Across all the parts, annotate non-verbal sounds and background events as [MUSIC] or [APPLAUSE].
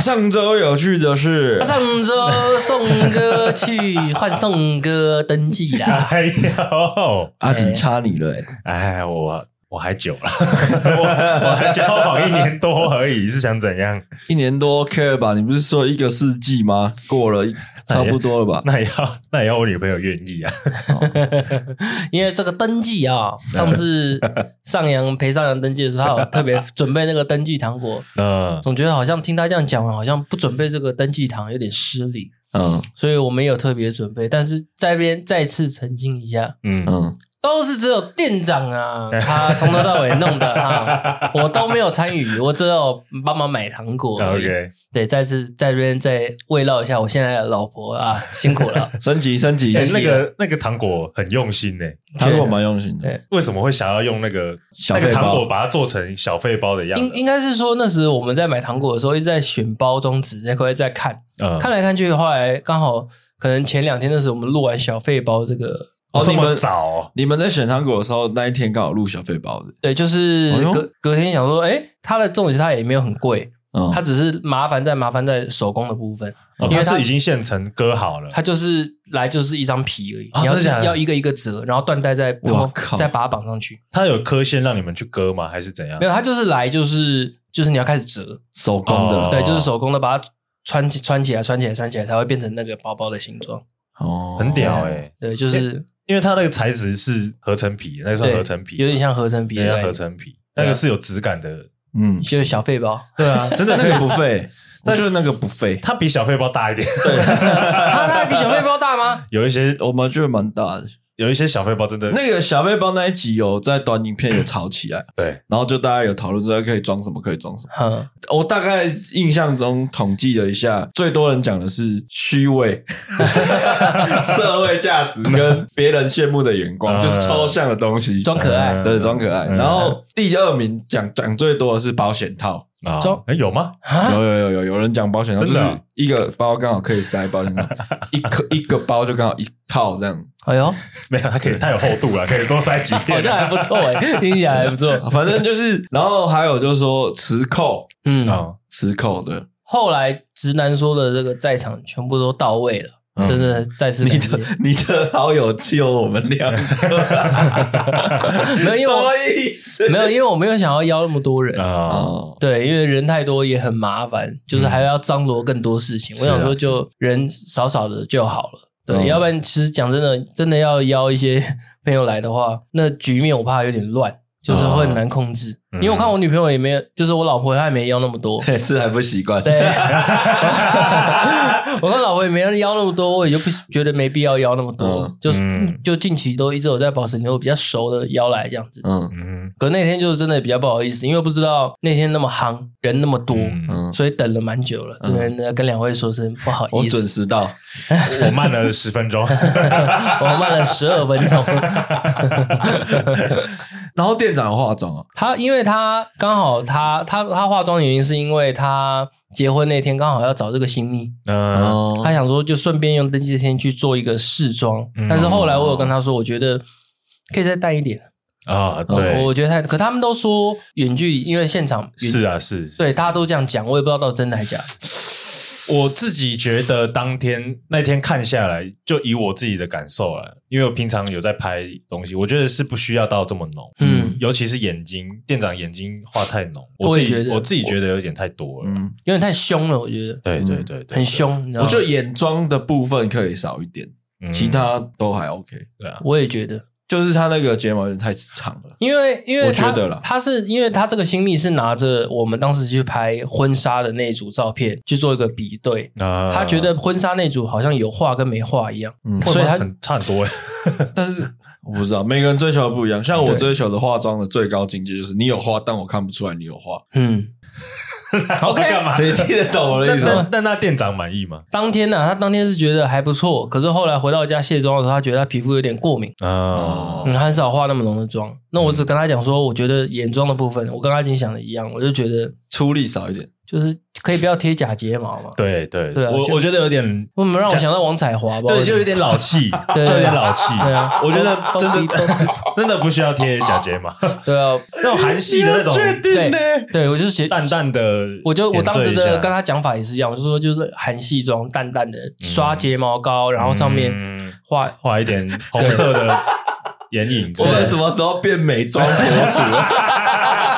上週有趣的是上週宋哥，上週宋哥去換宋哥登記了。哎呦，阿錦插你了、欸，哎，我我還久了 [LAUGHS] 我，我還交往一年多而已， [LAUGHS] 是想怎樣？一年多 care、OK、吧？你不是說一個世紀嗎？過了一。差不多了吧？那也要那也要我女朋友願意啊， [LAUGHS] 因為這個登記啊、哦，上次上揚陪上揚登記的時候，特別準備那個登記糖果，嗯，總覺得好像聽他這樣講了，好像不準備這個登記糖有點失禮，嗯，所以我沒有特別準備，但是這邊再次澄清一下，嗯。嗯都是只有店長啊，他、啊、從頭到尾弄的 [LAUGHS] 啊，我都沒有參與，我只有幫忙買糖果而已 ok 對，再次在這邊再慰勞一下我現在的老婆啊，辛苦了。升級升級，欸、那個那個糖果很用心呢、欸，糖果蠻用心的。為什麼會想要用那個小那個糖果把它做成小費包的樣子、啊？應應該是說那時我們在買糖果的時候，一直在選包裝紙，也會在看、嗯，看來看去，後來剛好可能前兩天的時候我們錄完小費包這個。哦，這麼早、哦！你們在選糖果的時候，那一天剛好錄小飛包的。對，就是隔、哦、隔天想說，哎、欸，它的重點其實也沒有很貴、哦，它只是麻煩在麻煩在手工的部分，哦、因為它，它是已經現成割好了，它就是來就是一張皮而已。哦、你要的的要一個一個折，然後緞帶再再把它綁上去。它有刻線讓你們去割嗎？還是怎樣？沒有，它就是來就是就是你要開始折手工的哦哦哦，對，就是手工的把它穿起穿起來穿起來穿起來才會變成那個包包的形狀。哦，很屌，對，就是。欸因為它那個材質是合成皮，那個算合成皮，有點像合成皮，有點像合成皮，那個是有質感的，啊、嗯，就是小廢包，對啊，真的可以不廢 [LAUGHS] 那個不廢，但就是那個不廢，它比小廢包大一點，對， [LAUGHS] 它那個比小廢包大嗎？有一些我們就是蠻大的。有一些小背包真的那個小背包那一集有，在短影片有吵起來。 [LAUGHS] 對，然後就大家有討論，說可以裝什麼，可以裝什麼。 [LAUGHS] 我大概印象中統計了一下，最多人講的是虛偽、 [LAUGHS] 社會價值跟別人羨慕的眼光， [LAUGHS] 就是抽象的東西。裝、 [LAUGHS] 嗯嗯嗯嗯嗯、可愛，對、嗯，裝可愛。然後第二名講講最多的是保險套啊，裝 [LAUGHS] 哎、嗯哦欸、有嗎？有有有有有人講保險套、啊，就是一個包剛好可以塞保險套， [LAUGHS] 一個 [LAUGHS] 一個包就剛好一套這樣。哎呦，沒有，它可以太有厚度了， [LAUGHS] 可以多塞幾片，好像還不錯哎、欸， [LAUGHS] 聽起來還不錯。反正就是， [LAUGHS] 然後還有就是說磁扣，嗯，磁扣對。後來直男說的這個在場全部都到位了，嗯、真的再次你的你的好友就我們兩個， [LAUGHS] [LAUGHS] [LAUGHS] 沒有，因為什麼意思？ [LAUGHS] 沒有，因為我沒有想要邀那麼多人啊、哦嗯，對，因為人太多也很麻煩，就是還要張羅更多事情。嗯、我想說，就人少少的就好了。 [LAUGHS] 對，要不然其實講真的，真的要邀一些朋友來的話，那局面我怕有點亂。就是會很難控制。哦嗯，因為我看我女朋友也沒有，就是我老婆她也沒邀那麼多，是還不習慣。對， [LAUGHS] [LAUGHS] 我跟老婆也沒人要那麼多，我也就不覺得沒必要邀那麼多，嗯、就是、嗯、就近期都一直有在保持有比較熟的邀來這樣子。嗯嗯，可那天就是真的比較不好意思，因為不知道那天那麼夯，人那麼多，嗯嗯、所以等了蠻久了。這、嗯、邊跟兩位說聲不好意思，我準時到， [LAUGHS] 我慢了十分鐘， [LAUGHS] 我慢了十二分鐘。 [LAUGHS] [LAUGHS] 然後店長化妝、啊，他因為他剛好他他他化妝的原因是因為他結婚那天剛好要找這個新秘，uh -oh. 嗯，他想說就順便用登記天去做一個試妝，uh -oh. 但是後來我有跟他說，我覺得可以再淡一點啊，uh -oh. uh, 對，我覺得太可他們都說遠距離，因為現場是啊是，是，對，大家都這樣講，我也不知道到真的還是假。我自己覺得當天那天看下來，就以我自己的感受來、啊，因為我平常有在拍東西，我覺得是不需要到這麼濃。嗯，尤其是眼睛，店長眼睛畫太濃，我自己我，覺得我，我自己覺得有點太多了、嗯，有點太兇了，我覺得。對對對、對、對、嗯，很兇，然後。我就眼妝的部分可以少一點，嗯，其他都還 OK。對啊，我也覺得。就是他那個睫毛有點太長了，因為因為我覺得啦，他是因為他這個新秘是拿着我們當時去拍婚紗的那一組照片去做一個比對，啊、他覺得婚紗那組好像有化跟沒化一樣、嗯，所以他很差很多誒。但是 [LAUGHS] 我不知道每個人追求的不一樣，像我追求的化妝的最高境界就是你有化，但我看不出來你有化。嗯。好 [LAUGHS] 幹嘛？你、okay, 聽得懂我的意思嗎？ [LAUGHS] 但那店長滿意嗎？當天呢、啊？他當天是覺得還不錯，可是後來回到家卸妝的時候，他覺得他皮膚有點過敏哦，你、oh. 嗯、很少化那麼濃的妝。那我只跟他講說，我覺得眼妝的部分，嗯、我跟阿金想的一樣，我就覺得出力少一點。就是可以不要貼假睫毛嘛？對對對、啊，我我覺得有點，為什麼讓我想到王彩華？吧。就有點老氣 [LAUGHS] 對、啊，就有點老氣，對，有點老氣。對。我覺得真的、嗯嗯真的嗯、真的不需要貼假睫毛。 [LAUGHS] 對啊，那種韓系的那種，對對。對我就是寫淡淡的，我就我當時的跟他講法也是一樣，我就說就是韓系妝，淡淡的刷睫毛膏，然後上面畫畫、嗯、一點紅色的眼影。啊、我們什麼時候變美妝博主？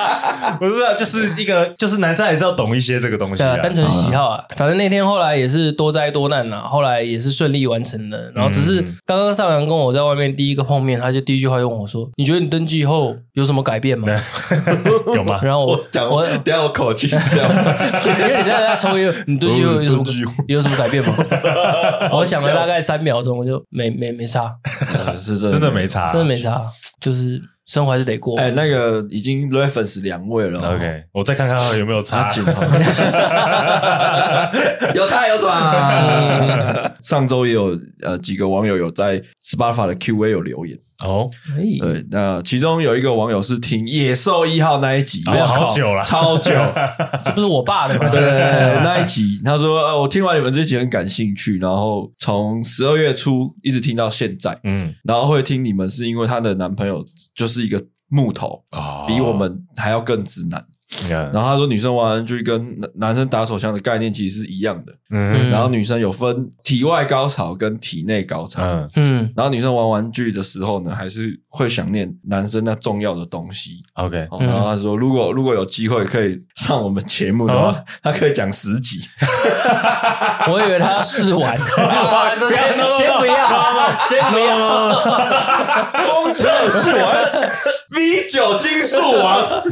不是啊，就是一個就是男生還是要懂一些這個東西、啊啊，單純喜好啊、嗯。反正那天後來也是多災多難啊，後來也是順利完成了。然後只是剛剛上完，跟我在外面第一個碰面，他就第一句話就問我說：“你覺得你登記以後有什麼改變嗎？”嗯、 [LAUGHS] 有嗎？然後我，我講，我等下我口氣是這樣， [LAUGHS] [LAUGHS] 因為你等下抽一個，你登記後有什麼有什麼改變嗎？ [LAUGHS] 我想了大概三秒鐘，我就沒沒沒，沒差，是 [LAUGHS] 真的沒差，真的沒差，就是。生活還是得過。哎、欸，那個已經 reference 兩位了、喔。OK，我再看看有沒有差。 [LAUGHS] 緊好 [LAUGHS] [LAUGHS] 有差有賺。 [LAUGHS] [LAUGHS] 上周也有呃幾個網友有在 Spotify 的 Q&A 有留言哦，可、oh, 以、okay. 對，那其中有一個網友是聽《野獸一號》那一集、oh, 哇，好久了，超久， [LAUGHS] 是不是我爸的對,對,對,對， [LAUGHS] 那一集他說，呃，我聽完你們這集很感興趣，然後從十二月初一直聽到現在，嗯，然後會聽你們是因為他的男朋友就是一個木頭啊、哦，比我們還要更直男、嗯，然後他說女生玩玩具跟男男生打手槍的概念其實是一樣的。嗯，然後女生有分體外高潮跟體內高潮，嗯嗯，然後女生玩玩具的時候呢，還是會想念男生那重要的東西。OK，然後他說如果、嗯、如果有機會可以上我們節目的話，他、嗯、可以講十集。我以為他要試玩、 [LAUGHS] 啊啊要，先不要，不要先不要，風車試玩 [LAUGHS] v 九金數屬王，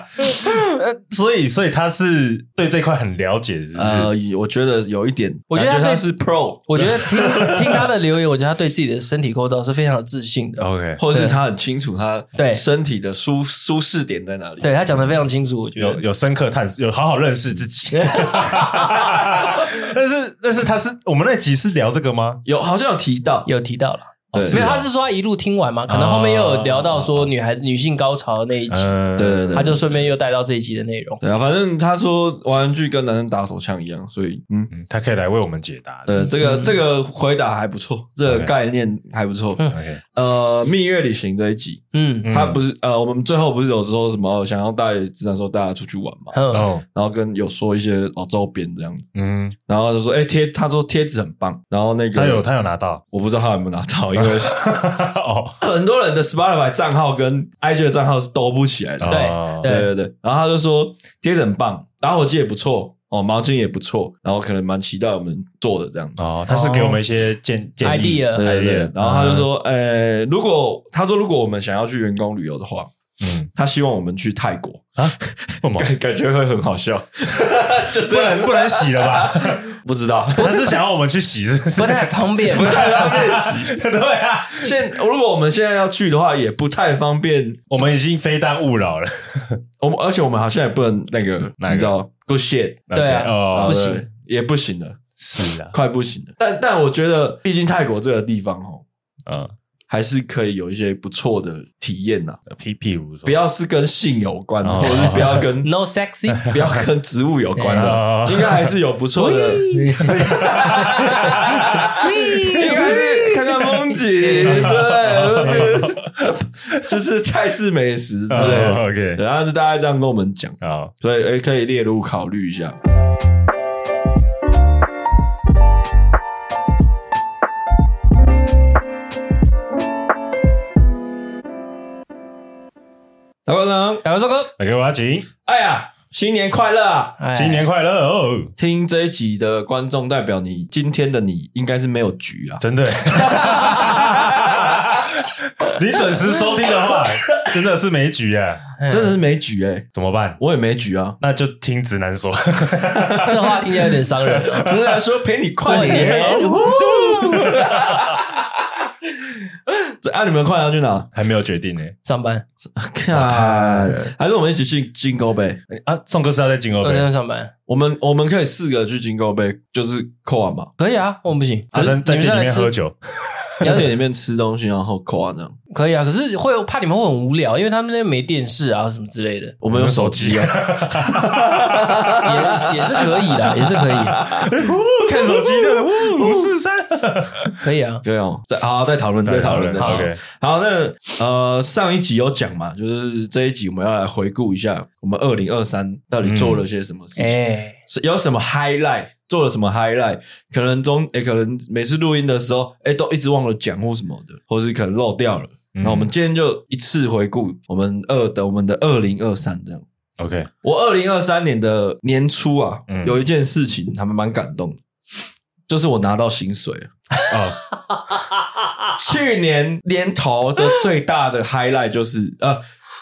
[LAUGHS] 所以所以他是對這塊很了解，是不是？呃、我。覺得有一點，我覺得他是 pro，我覺得，我覺得聽聽他的留言， [LAUGHS] 我覺得他對自己的身體構造是非常有自信的。OK，或者是他很清楚他對身體的舒舒適點在哪裡。對，他講得非常清楚，我覺得有有深刻探索，有好好認識自己。 [LAUGHS] [LAUGHS] [LAUGHS] 但是但是他是我們那集是聊這個嗎？有好像有提到，有提到了。對沒有、啊，他是說他一路聽完嘛，可能後面又有聊到說女孩子女性高潮的那一集，對對對，他就順便又帶到這一集的內容。對，啊，反正他說玩具跟男生打手槍一樣，所以嗯，他可以來為我們解答是不是？對，這個這個回答還不錯，這個概念還不錯。OK，呃，蜜月旅行這一集，嗯，他不是呃，我們最後不是有說什麼想要帶，自然說帶大家出去玩嘛，哦、嗯，然後跟有說一些哦周邊這樣子，嗯，然後就說哎貼、欸，他說貼紙很棒，然後那個他有他有拿到，我不知道他有沒有拿到，對， [LAUGHS] 很多人的 Spotify 賬號跟 IG 賬號是兜不起來的、哦。對，對，對，對。然後他就說貼紙很棒，打火機也不錯，哦，毛巾也不錯，然後可能蠻期待我們做的這樣哦，他是給我們一些建 idea 對對，對。然後他就說、欸，如果他說如果我們想要去員工旅遊的話，嗯，他希望我們去泰國啊，感 [LAUGHS] 感覺會很好笑，就不能不能洗了吧。 [LAUGHS] 不知道不，他是想要我們去洗，是，不是不太方便，不太方便洗。 [LAUGHS] 對啊 [LAUGHS] 啊、現如果我們現在要去的話，也不太方便。 [LAUGHS] 我們已經非但勿擾了， [LAUGHS] 我們而且我們好像也不能那個，哪一個？你知道，go shit，對啊，那個、哦，哦，不行，也不行了，是了，啊， [LAUGHS] 快不行了。但但我覺得，畢竟泰國這個地方，齁。嗯。還是可以有一些不錯的體驗吶。P P，不要是跟性有關，哦不要跟 no sexy，不要跟植物有關的，應該還是有不錯的。啊、應該是, [LAUGHS] 是看看風景、欸，對,嗯、對，就、嗯、是、嗯嗯嗯嗯、菜式美食之類。O K，然後是大家這樣跟我們講，嗯、所以哎，可以列入考慮一下。大哥哥，大哥大哥，給我阿吉，哎呀，新年快樂啊、哎！新年快樂哦！聽這一集的觀眾代表你，今天的你應該是沒有局啊，真的。 [LAUGHS] [LAUGHS] 你準時收聽的話，真的是沒局、啊、哎，真的是沒局哎、欸，怎麼辦？我也沒局啊，那就聽直男說。 [LAUGHS] 這話應該有點傷人， [LAUGHS] 直男說陪你跨年。 [LAUGHS] 那、啊、你們快要去哪？還沒有決定呢。上班？靠、啊！還是我們一起去金溝唄？啊，宋哥是要在金溝？我要上班。我們我們可以四個去金溝唄，就是扣完嘛。可以啊，我們不行。反、啊、正在，在裡面喝酒。 [LAUGHS] 酒店裡面吃東西，然後誇張，可以啊，可是會怕你們會很無聊，因為他們那邊沒電視啊，什麼之類的。我們有手機啊， [LAUGHS] 也也是可以的，也是可以，是可以 [LAUGHS] 看手機的。五四三 [LAUGHS] 可以啊，對啊、哦，好好再討論再討論再討論好，那呃，上一集有講嘛，就是這一集我們要來回顧一下，我們二零二三到底做了些什麼事情，嗯欸、是有什麼 highlight。做了什麼 highlight？可能中也、欸、可能每次錄音的時候，哎、欸，都一直忘了講或什麼的，或是可能漏掉了。那、嗯、我們今天就一次回顧我們二的我們的二零二三這樣。OK，我二零二三年的年初啊，嗯、有一件事情，還蠻感動，就是我拿到薪水啊。Oh. [LAUGHS] 去年年頭的最大的 highlight 就是呃，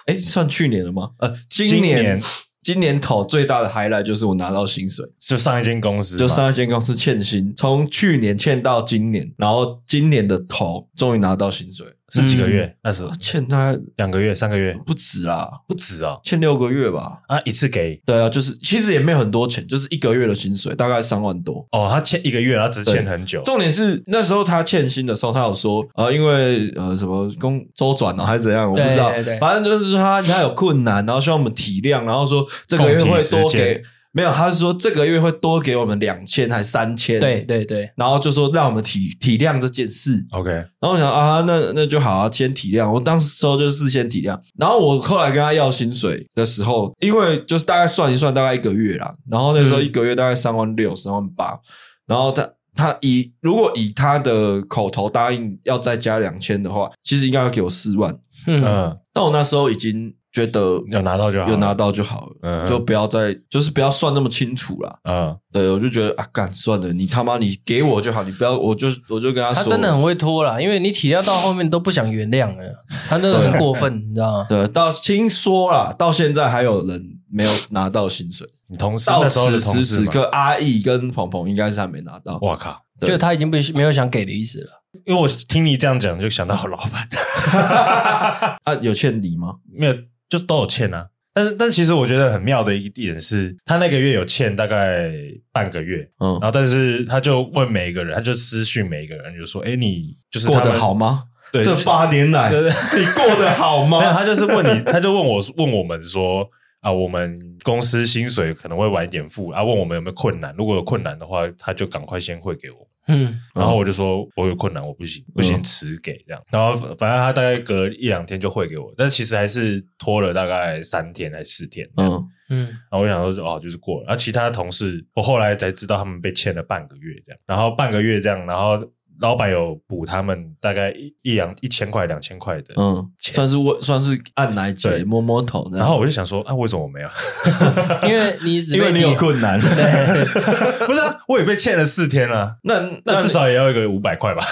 哎、欸，算去年了嗎？呃，今年。今年今年頭最大的 highlight 就是我拿到薪水，就上一間公司，就上一間公司欠薪，從去年欠到今年，然後今年的頭終於拿到薪水。是幾個月、嗯、那時候？他欠他兩個月、三個月不止啦，啊，不止啊，欠六個月吧。啊，一次給。對啊，就是其實也沒有很多錢，就是一個月的薪水，大概三萬多。哦，他欠一個月，他只欠很久。重點是那時候他欠薪的時候，他有說啊、呃，因為呃什麼工周轉啊、哦，還是怎樣，我不知道。對對對，反正就是說他他有困難， [LAUGHS] 然後希望我們體諒，然後說這個月會多給。沒有，他是說這個月會多給我們兩千還是三千，對對對，然後就說讓我們體體諒這件事。OK，然後我想啊，那那就好啊，先體諒。我當時時候就事先體諒，然後我後來跟他要薪水的時候，因為就是大概算一算，大概一個月啦，然後那時候一個月大概三萬六、三萬八、嗯，然後他他以如果以他的口頭答應要再加兩千的話，其實應該要給我四萬嗯。嗯，但我那時候已經。覺得有拿到就好，有拿到就好，嗯，嗯，就不要再就是不要算那麼清楚了，嗯，對我就覺得啊，幹算了，你他媽你給我就好，嗯，你不要，我就我就跟他說，他真的很會拖了，因為你體諒到後面都不想原諒了，啊，他真的很過分， [LAUGHS] 你知道嗎？對，到聽說了，到現在還有人沒有拿到薪水，你同時到此時此刻，阿義跟彭彭應該是還沒拿到，哇靠，對就他已經不沒有想給的意思了，因為我聽你這樣講，就想到我老板， [LAUGHS] [LAUGHS] 啊，有欠你嗎？沒有。就都有欠啊，但是但其實我覺得很妙的一點是，他那個月有欠大概半個月，嗯，然後但是他就問每一個人，他就私訊每一個人，就說：“哎、欸，你就是過得好嗎？對，對，對，這八年來，對對對你過得好嗎 [LAUGHS] 沒有？”他就是問你，他就問我 [LAUGHS] 問我們說。啊，我們公司薪水可能會晚一點付啊，問我們有沒有困難，如果有困難的話，他就趕快先匯給我。嗯，然後我就說，我有困難，我不行，不行，嗯，遲給這樣。然後反正他大概隔一兩天就匯給我，但其實還是拖了大概三天還是四天這樣。嗯，然後我想說，哦，就是過了。然後，啊，其他同事，我後來才知道他們被欠了半個月這樣。然後半個月這樣，然後。老闆有補他們大概一兩一千塊兩千塊的，嗯，算是我算是按奶嘴摸摸頭。然後我就想說，啊，為什麼我沒有？ [LAUGHS] 因為你只因為你有困難，對 [LAUGHS] 不是啊，我也被欠了四天了，啊。那那至，那至少也要一個塊 [LAUGHS] 五百塊吧？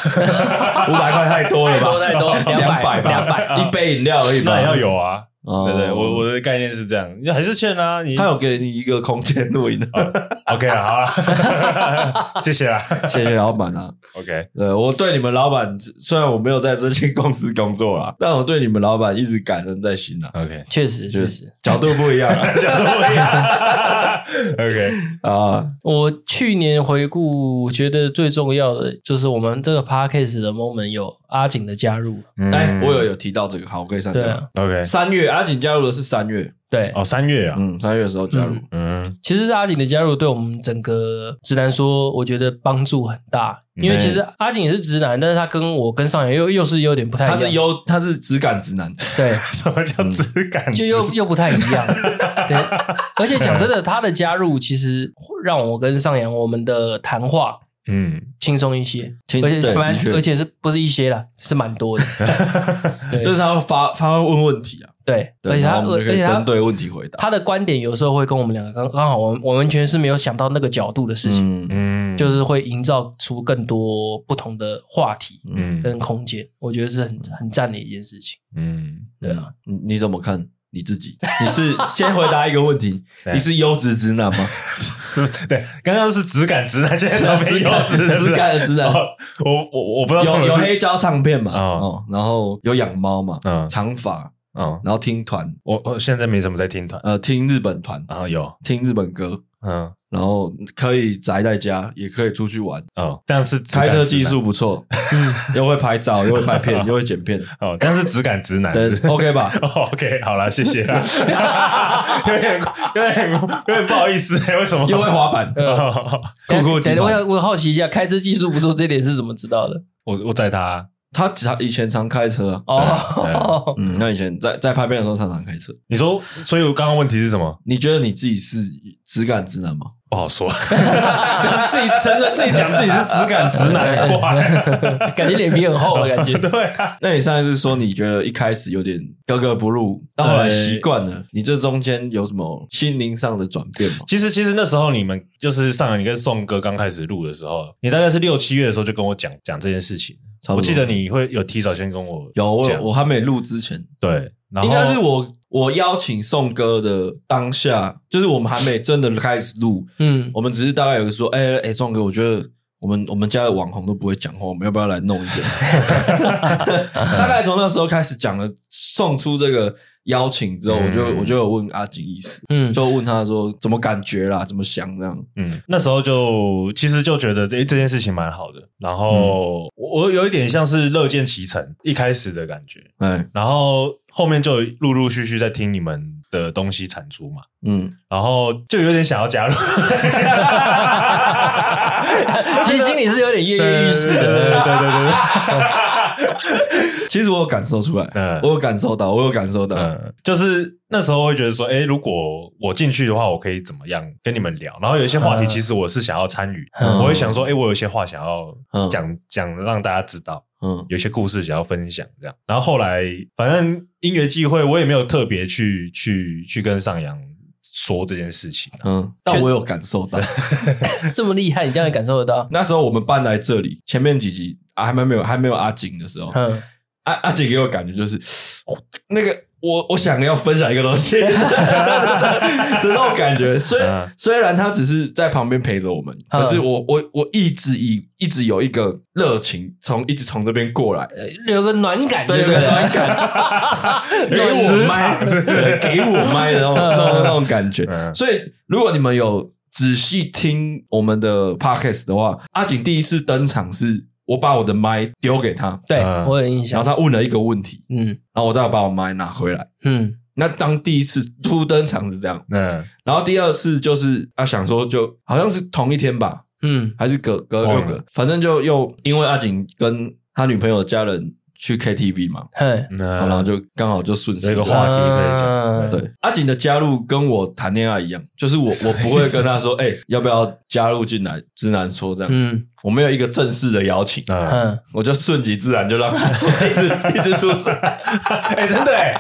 五百塊太多了吧？多太多，兩百，兩、哦、百，200, 200, 200, uh, 200, 200, uh, 一杯飲料而已，那也要有啊。哦、對對，我我的概念是這樣，你還是勸啊你，他有給你一個空間錄音的、哦、 [LAUGHS] ，OK 了好、啊，好哈，謝謝啊， [LAUGHS] 謝謝老闆啊，OK，對我對你們老闆，雖然我沒有在這間公司工作啦、啊，但我對你們老闆一直感恩在心啦，OK，確實確實，角度不一樣啊， [LAUGHS] 角度不一樣、啊。哈哈哈。OK 啊、uh,，我去年回顧，我覺得最重要的就是我們這個 Podcast 的 moment 有阿景的加入、嗯。哎、欸，我有有提到這個，好，我可以刪掉。啊、OK，三月阿景加入的是三月。對哦，三月啊，嗯，三月的時候加入嗯，嗯，其實阿景的加入對我們整個直男說，我覺得幫助很大。嗯，因為其實阿景也是直男，但是他跟我跟尚陽又又是有點不太一樣，他是優，他是直感直男的，對，什麼叫直感直男？嗯？就又又不太一樣， [LAUGHS] 對。而且講真的，他的加入其實讓我跟尚陽我們的談話，嗯，輕鬆一些，而且而且是不是一些啦，是蠻多的， [LAUGHS] 對對，就是他發發問問題啊。對，對，而且他而且針對問題回答他，他的觀點有時候會跟我們兩個剛剛好，我們完全是沒有想到那個角度的事情，嗯，嗯，就是會營造出更多不同的話題，嗯，跟空間，我覺得是很很讚的一件事情，嗯，對啊，你怎麼看你自己？你是先回答一個問題， [LAUGHS] 你是優質直男嗎？ [LAUGHS] 是不？對，剛剛是直感直男，現在是優質直感直男，的男 [LAUGHS] 我我我不知道有，有有黑膠唱片嘛，哦，哦，然後有養貓嘛，嗯，長髮。嗯、哦，然後聽團，我我現在沒怎麼在聽團，呃，聽日本團，然、哦、後有聽日本歌，嗯，然後可以宅在家，也可以出去玩，嗯、哦，但是開車技術不錯，嗯、又會拍照， [LAUGHS] 又會拍片、哦，又會剪片，哦，但是質感直男，對，對，OK 吧、哦、OK，好了，謝謝啦 [LAUGHS] 有，有點有點有點不好意思、欸，哎，為什麼？又會滑板，呃、酷酷，等一下，我好奇一下，開車技術不錯，這點是怎麼知道的？我我載他、啊。他常以前常開車哦，嗯，那以前在在拍片的時候，他常開車。你說，所以我剛剛問題是什麼？你覺得你自己是直感直男嗎？不好說 [LAUGHS] ，自己承認自己講 [LAUGHS] 自，自己是直感直男， [LAUGHS] 感覺臉皮很厚的感覺 [LAUGHS] 。對啊，那你上一次說你覺得一開始有點格格不入，到後來習慣了，你這中間有什麼心靈上的轉變嗎？其實，其實那時候你們就是上一次跟宋哥剛開始錄的時候，你大概是六七月的時候就跟我講講這件事情。我記得你會有提早先跟我。有，我還沒錄之前，對，然後。應該是我。我邀請宋哥的當下，就是我們還沒真的開始錄，嗯，我們只是大概有個說，哎、欸、哎、欸，宋哥，我覺得我們我們家的網紅都不會講話，我們要不要來弄一點？ [LAUGHS] [LAUGHS] [LAUGHS] [LAUGHS] [NOISE] [NOISE] 大概從那時候開始講了，送出這個。邀請之後，我就、嗯、我就有問阿錦意思，嗯，就問他說怎麼感覺啦，怎麼想這樣，嗯，那時候就其實就覺得這這件事情蠻好的，然後、嗯、我我有一點像是樂見其成，一開始的感覺，嗯，然後後面就陸陸續續在聽你們的東西產出嘛，嗯，然後就有點想要加入 [LAUGHS] [LAUGHS] [LAUGHS] 其實心裡是有點躍躍欲試的，對對對，對。 [LAUGHS] [LAUGHS] 其實我有感受出來，嗯，我有感受到，我有感受到，嗯、就是那時候會覺得說，誒、欸、如果我進去的話，我可以怎麼樣跟你們聊？然後有一些話題，其實我是想要參與、嗯，我會想說，誒、欸、我有一些話想要講講、嗯，讓大家知道，嗯，有些故事想要分享，這樣。然後後來，反正因緣際會，我也沒有特別去去去跟上陽說這件事情，嗯，但我有感受到， [LAUGHS] [LAUGHS] 這麼厲害，你這樣也感受得到。那時候我們搬來這裡，前面幾集、啊、還沒有還沒有阿景的時候，嗯。啊、阿阿錦給我感覺就是，哦、那個我我想要分享一個東西，的 [LAUGHS] [LAUGHS] 那種感覺。雖、嗯、雖然他只是在旁邊陪着我們，可、嗯、是我我我一直以一直有一個熱情，從一直從這邊過來，有個暖感，對不對，暖感， [LAUGHS] [LAUGHS] 給我麥麥， [LAUGHS] 對，給我麥的那種那種、嗯、那種感覺。嗯、所以如果你們有仔細聽我們的 Podcast 的話，阿錦第一次登場是。我把我的麥丟給他，對，我有印象。然後他問了一個問題，嗯，然後我再把我麥拿回來，嗯。那當第一次初登場是這樣，嗯。然後第二次就是他、啊、想說就，就好像是同一天吧，嗯，還是隔隔六個、嗯，反正就又因為阿景跟他女朋友的家人。去 KTV 嘛，然後就剛好就順勢一個話題可以講、啊。對，阿錦的加入跟我談戀愛一樣，就是我我不會跟他說，哎、啊欸，要不要加入進來？直男說這樣，嗯，我沒有一個正式的邀請，嗯，我就順其自然就讓他做一次、啊、一直一直出現，哎、 [LAUGHS] 欸，真的、欸。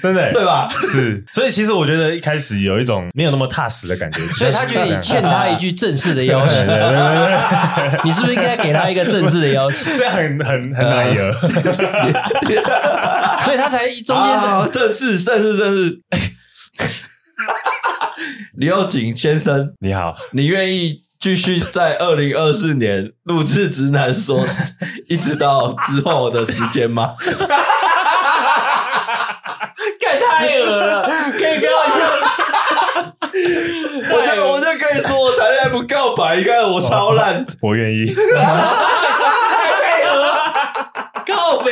真的、欸、對吧？是，所以其實我覺得一開始有一種沒有那麼踏實的感覺。 [LAUGHS] 所以他覺得欠他一句正式的邀請，啊、 [LAUGHS] [LAUGHS] 你是不是應該給他一個正式的邀請？這很很很難得， [LAUGHS] [LAUGHS] 所以他才中間正式、啊，正式，正式。李友錦先生，你好，你願意繼續在二零二四年錄製《直男說，》 [LAUGHS] 一直到之後的時間嗎？ [LAUGHS] [LAUGHS] 太惡了，可以跟我一樣，我就我就跟你說，我談戀愛不告白，你看我超爛，我願意、啊，太配合了，告白。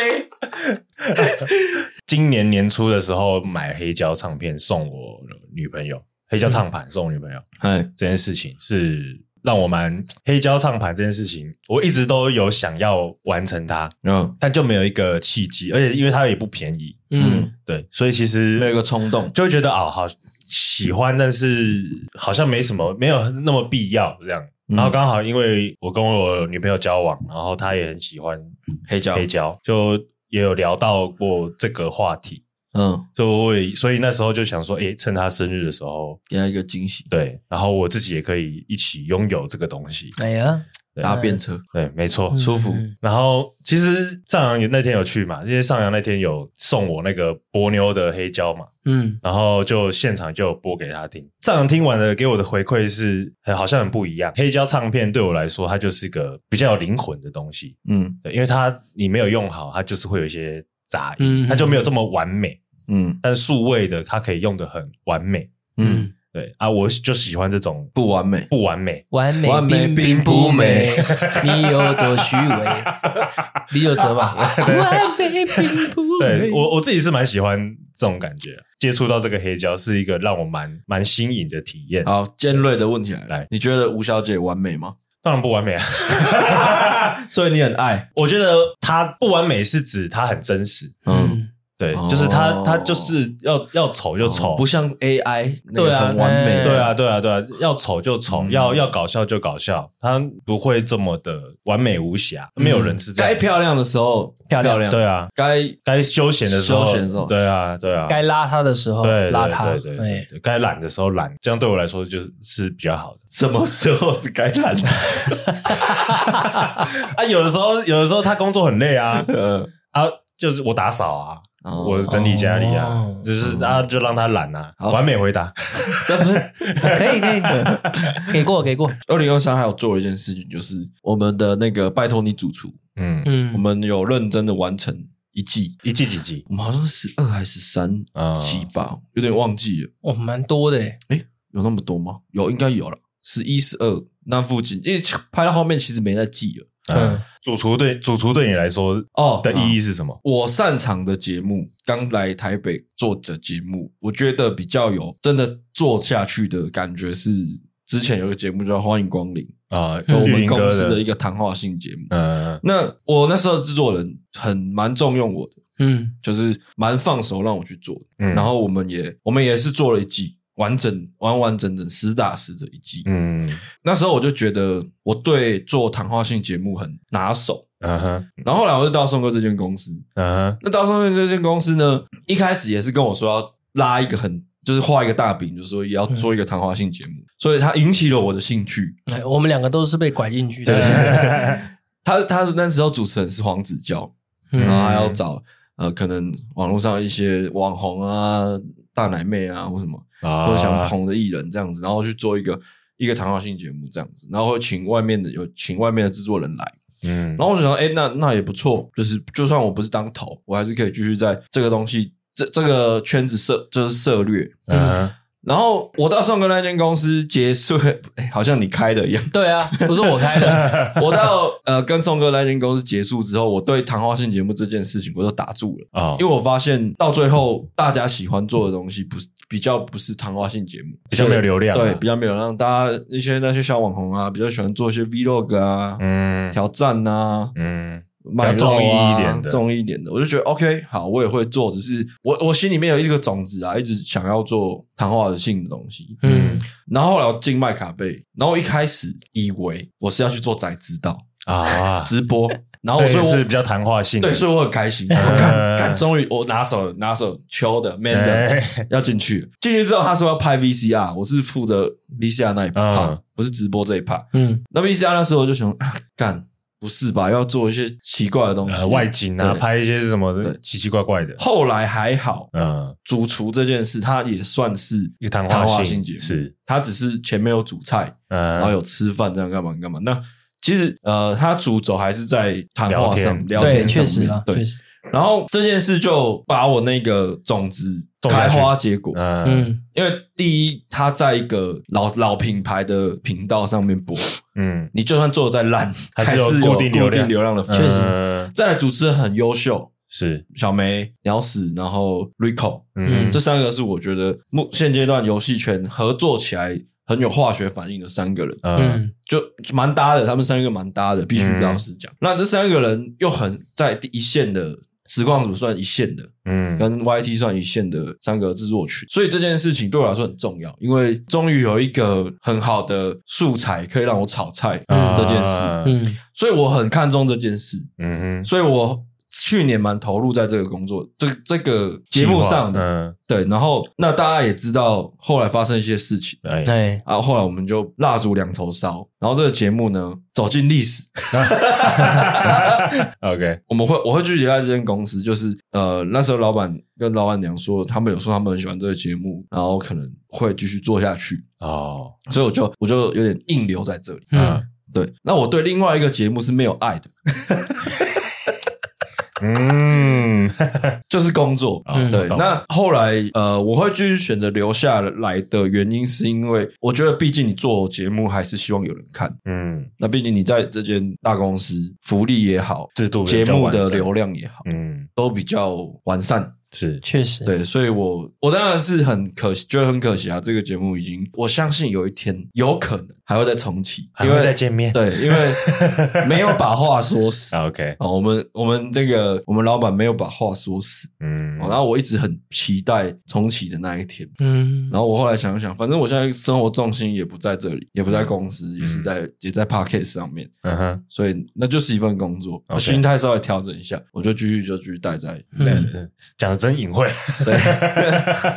[LAUGHS] 今年年初的時候，買黑膠唱片送我女朋友，黑膠唱盤送我女朋友，嗯，這件事情是。像我買黑膠唱盤這件事情，我一直都有想要完成它，嗯，但就沒有一個契機，而且因為它也不便宜，嗯，對，所以其實沒有一個衝動，就會覺得啊，好喜歡，但是好像沒什麼，沒有那麼必要這樣，嗯。然後剛好因為我跟我，我女朋友交往，然後她也很喜歡黑膠，黑膠就也有聊到過這個話題。嗯，所以所以那時候就想說，誒、欸，趁他生日的時候給他一個驚喜。對，然後我自己也可以一起擁有這個東西。哎呀，對搭便車，對，沒錯、嗯，舒服。嗯、然後其實藏陽有那天有去嘛，因為上陽那天有送我那個波妞的黑膠嘛，嗯，然後就現場就播給他聽。藏陽聽完了給我的回饋是，好像很不一樣。黑膠唱片對我來說，它就是一個比較有靈魂的東西。嗯，對，因為它你沒有用好，它就是會有一些雜音、嗯，它就沒有這麼完美。嗯嗯嗯，但數位的它可以用得很完美。嗯，對啊，我就喜歡這種不完美，不完美，完美完美並不美。完美並不美 [LAUGHS] 你有多虛偽？ [LAUGHS] 你有轍吧？完美並不美。對，我我自己是蠻喜歡這種感覺。接觸到這個黑膠是一個讓我蠻蠻新穎的體驗。好，尖銳的問題來，來，你覺得吳小姐完美嗎？當然不完美啊。 [LAUGHS] [LAUGHS] 所以你很愛？我覺得她不完美是指她很真實。嗯。嗯對、哦，就是他，他就是要要醜就醜、哦，不像 AI，對啊，很完美，對啊，對啊，對啊，要醜就醜，要醜就醜、嗯、要，要搞笑就搞笑，他不會這麼的完美無瑕，嗯、沒有人是這樣，該漂亮的時候漂亮，對，對啊，該該休閒的時候休閒的時候，對啊，對啊，該邋遢的時候邋遢，對，該懶的時候懶，這樣對我來說就是是比較好的。什麼時候是該懶的？ [LAUGHS] [LAUGHS] [LAUGHS] 啊，有的時候，有的時候他工作很累啊， [LAUGHS] 啊，就是我打掃啊。我整理家裡啊，哦、就是然後，嗯啊、就讓他懶啊，完美回答。可以可以，給 [LAUGHS] 過給過。二零二三，還有做了一件事情，就是我們的那個拜托你主廚，嗯嗯，我們有認真的完成一季、嗯、一季幾季，我們好像是十二還是三、嗯、七八有點忘記了。哦，蠻多的，哎、欸，有那麼多嗎？有，應該有了，十一十二那附近，因為拍到後面其實沒在記了。嗯，嗯，主廚對主廚對你來說哦的意義是什麼、哦啊？我擅長的節目，剛來台北做的節目，我覺得比較有真的做下去的感覺是，之前有個節目叫《歡迎光臨》啊、哦，跟我們公司的一個談話性節目。嗯，嗯，那我那時候制作人很蠻重用我的，嗯，就是蠻放手讓我去做的、嗯，然後我們也我們也是做了一季。完整完完整整實打實的一季，嗯，那時候我就覺得我對做談話性節目很拿手，嗯、uh、哼 -huh。然後後來我就到宋哥這間公司，嗯、uh -huh，那到宋哥這間公司呢，一開始也是跟我說要拉一個很，就是畫一個大餅，就是說也要做一個談話性節目、嗯，所以它引起了我的興趣。哎，我們兩個都是被拐進去的。他他是那時候主持人是黃子佼，然後還要找、嗯、呃，可能網絡上一些網紅啊。大奶妹啊，或什麼、啊，或者想捧著藝人這樣子，然後去做一個一個談話性節目這樣子，然後會請外面的有請外面的製作人來，嗯，然後我就想說，哎、欸，那那也不錯，就是就算我不是當頭，我還是可以繼續在這個東西這這個圈子涉這、就是涉獵，嗯。嗯啊。然後我到宋哥那間公司結束，欸，好像你開的一樣。對啊，不是我開的。 [LAUGHS] 我到呃，跟宋哥那間公司結束之後，我對談話性節目這件事情，我就打住了啊，哦。因為我發現到最後，大家喜歡做的東西不，不是比較不是談話性節目，比較沒有流量、啊，對，比較沒有讓大家一些那些小網紅啊，比較喜歡做一些 vlog 啊，嗯，挑戰啊，嗯。比較綜藝一點的，綜藝一,一點的，我就覺得 OK，好，我也會做，只是我我心裡面有一個種子啊，一直想要做談話性的東西。嗯，然後然後來進麥卡貝，然後一開始以為我是要去做宅指導啊，直播，然後我說是比較談話性的，對，所以我很開心，我、嗯哦、干干，終於我拿手拿手敲的 Manda、欸、要進去，進去之後他說要拍 VCR，我是負責 VCR 那一 part，、嗯、不是直播這一 part，嗯，那 VCR 那時候我就想啊，幹。不是吧？要做一些奇怪的東西，呃、外景啊，拍一些什麼的，奇奇怪怪的。後來還好，嗯，主廚這件事，他也算是一個談話性節目，是，他只是前面有煮菜，嗯、然後有吃飯，這樣幹嘛幹嘛。那其實，呃，他主軸還是在談話上，聊天，確實啊，對啦，對。然後這件事就把我那個種子開花結果，嗯，因為第一，他在一個老老品牌的頻道上面播。 [LAUGHS] 嗯，你就算做的再爛，還是有固定流量的。確、呃、實，再來主持人很優秀，是小梅、鳥屎，然後 Rico，嗯，這三個是我覺得目現階段遊戲圈合作起來很有化學反應的三個人，嗯，就蠻搭的，他們三個蠻搭的，必須老實講。嗯、那這三個人又很在第一線的。實況組算一線的，嗯，跟 YT 算一線的三個製作群，所以這件事情對我來說很重要，因為終於有一個很好的素材可以讓我炒菜，嗯。嗯，這件事，嗯，所以我很看重這件事。嗯嗯，所以我。去年蠻投入在這個工作，這這個節目上的，嗯，對。然後那大家也知道，後來發生一些事情，對啊，然後，後來我們就蠟燭兩頭燒，然後這個節目呢走進歷史。 [LAUGHS] [LAUGHS] OK，我們會我會聚集在這間公司，就是呃那時候老板跟老板娘說，他們有說他們很喜歡這個節目，然後可能會繼續做下去哦，所以我就我就有點硬留在這裡，嗯，對。那我對另外一個節目是沒有愛的。嗯 [LAUGHS] 嗯， [LAUGHS] 就是工作。啊、對、嗯，那後來呃，我會繼續選擇留下來的原因，是因為我覺得，畢竟你做節目還是希望有人看。嗯，那畢竟你在這間大公司，福利也好，制度、節目的流量也好，嗯，都比較完善。是，確實，對，所以我我當然是很可惜，覺得很可惜啊！這個節目已經，我相信有一天有可能還會再重啟，還會再見面。對，因為沒有把話說死。 [LAUGHS] OK，、哦、我們我們那個我們老闆沒有把話說死。嗯，然後我一直很期待重啟的那一天。嗯，然後我後來想想，反正我現在生活重心也不在這裡，也不在公司，嗯、也是在、嗯、也在 Podcast 上面。嗯哼，所以那就是一份工作，我、okay. 心態稍微調整一下，我就繼續就繼續待在。對、嗯、對，講。真隱晦， [LAUGHS] 對，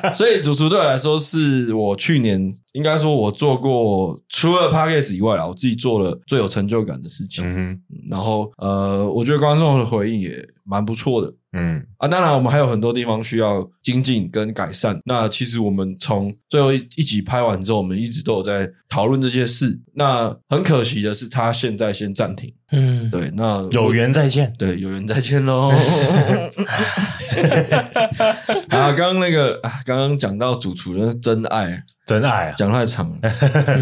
[LAUGHS] 所以主持對我來說是我去年應該說我做過除了 podcast 以外了，我自己做了最有成就感的事情。嗯。然後呃，我覺得觀眾的回應也。蠻不錯的，嗯啊，當然我們還有很多地方需要精進跟改善。那其實我們從最後一一集拍完之後，我們一直都有在討論這些事。那很可惜的是，他現在先暫停，嗯，對，那有緣再見，對，有緣再見嘍、 [LAUGHS] [LAUGHS] [LAUGHS] 啊那個。啊，剛剛那個啊，剛剛講到主廚的真愛。真愛講、啊、太長，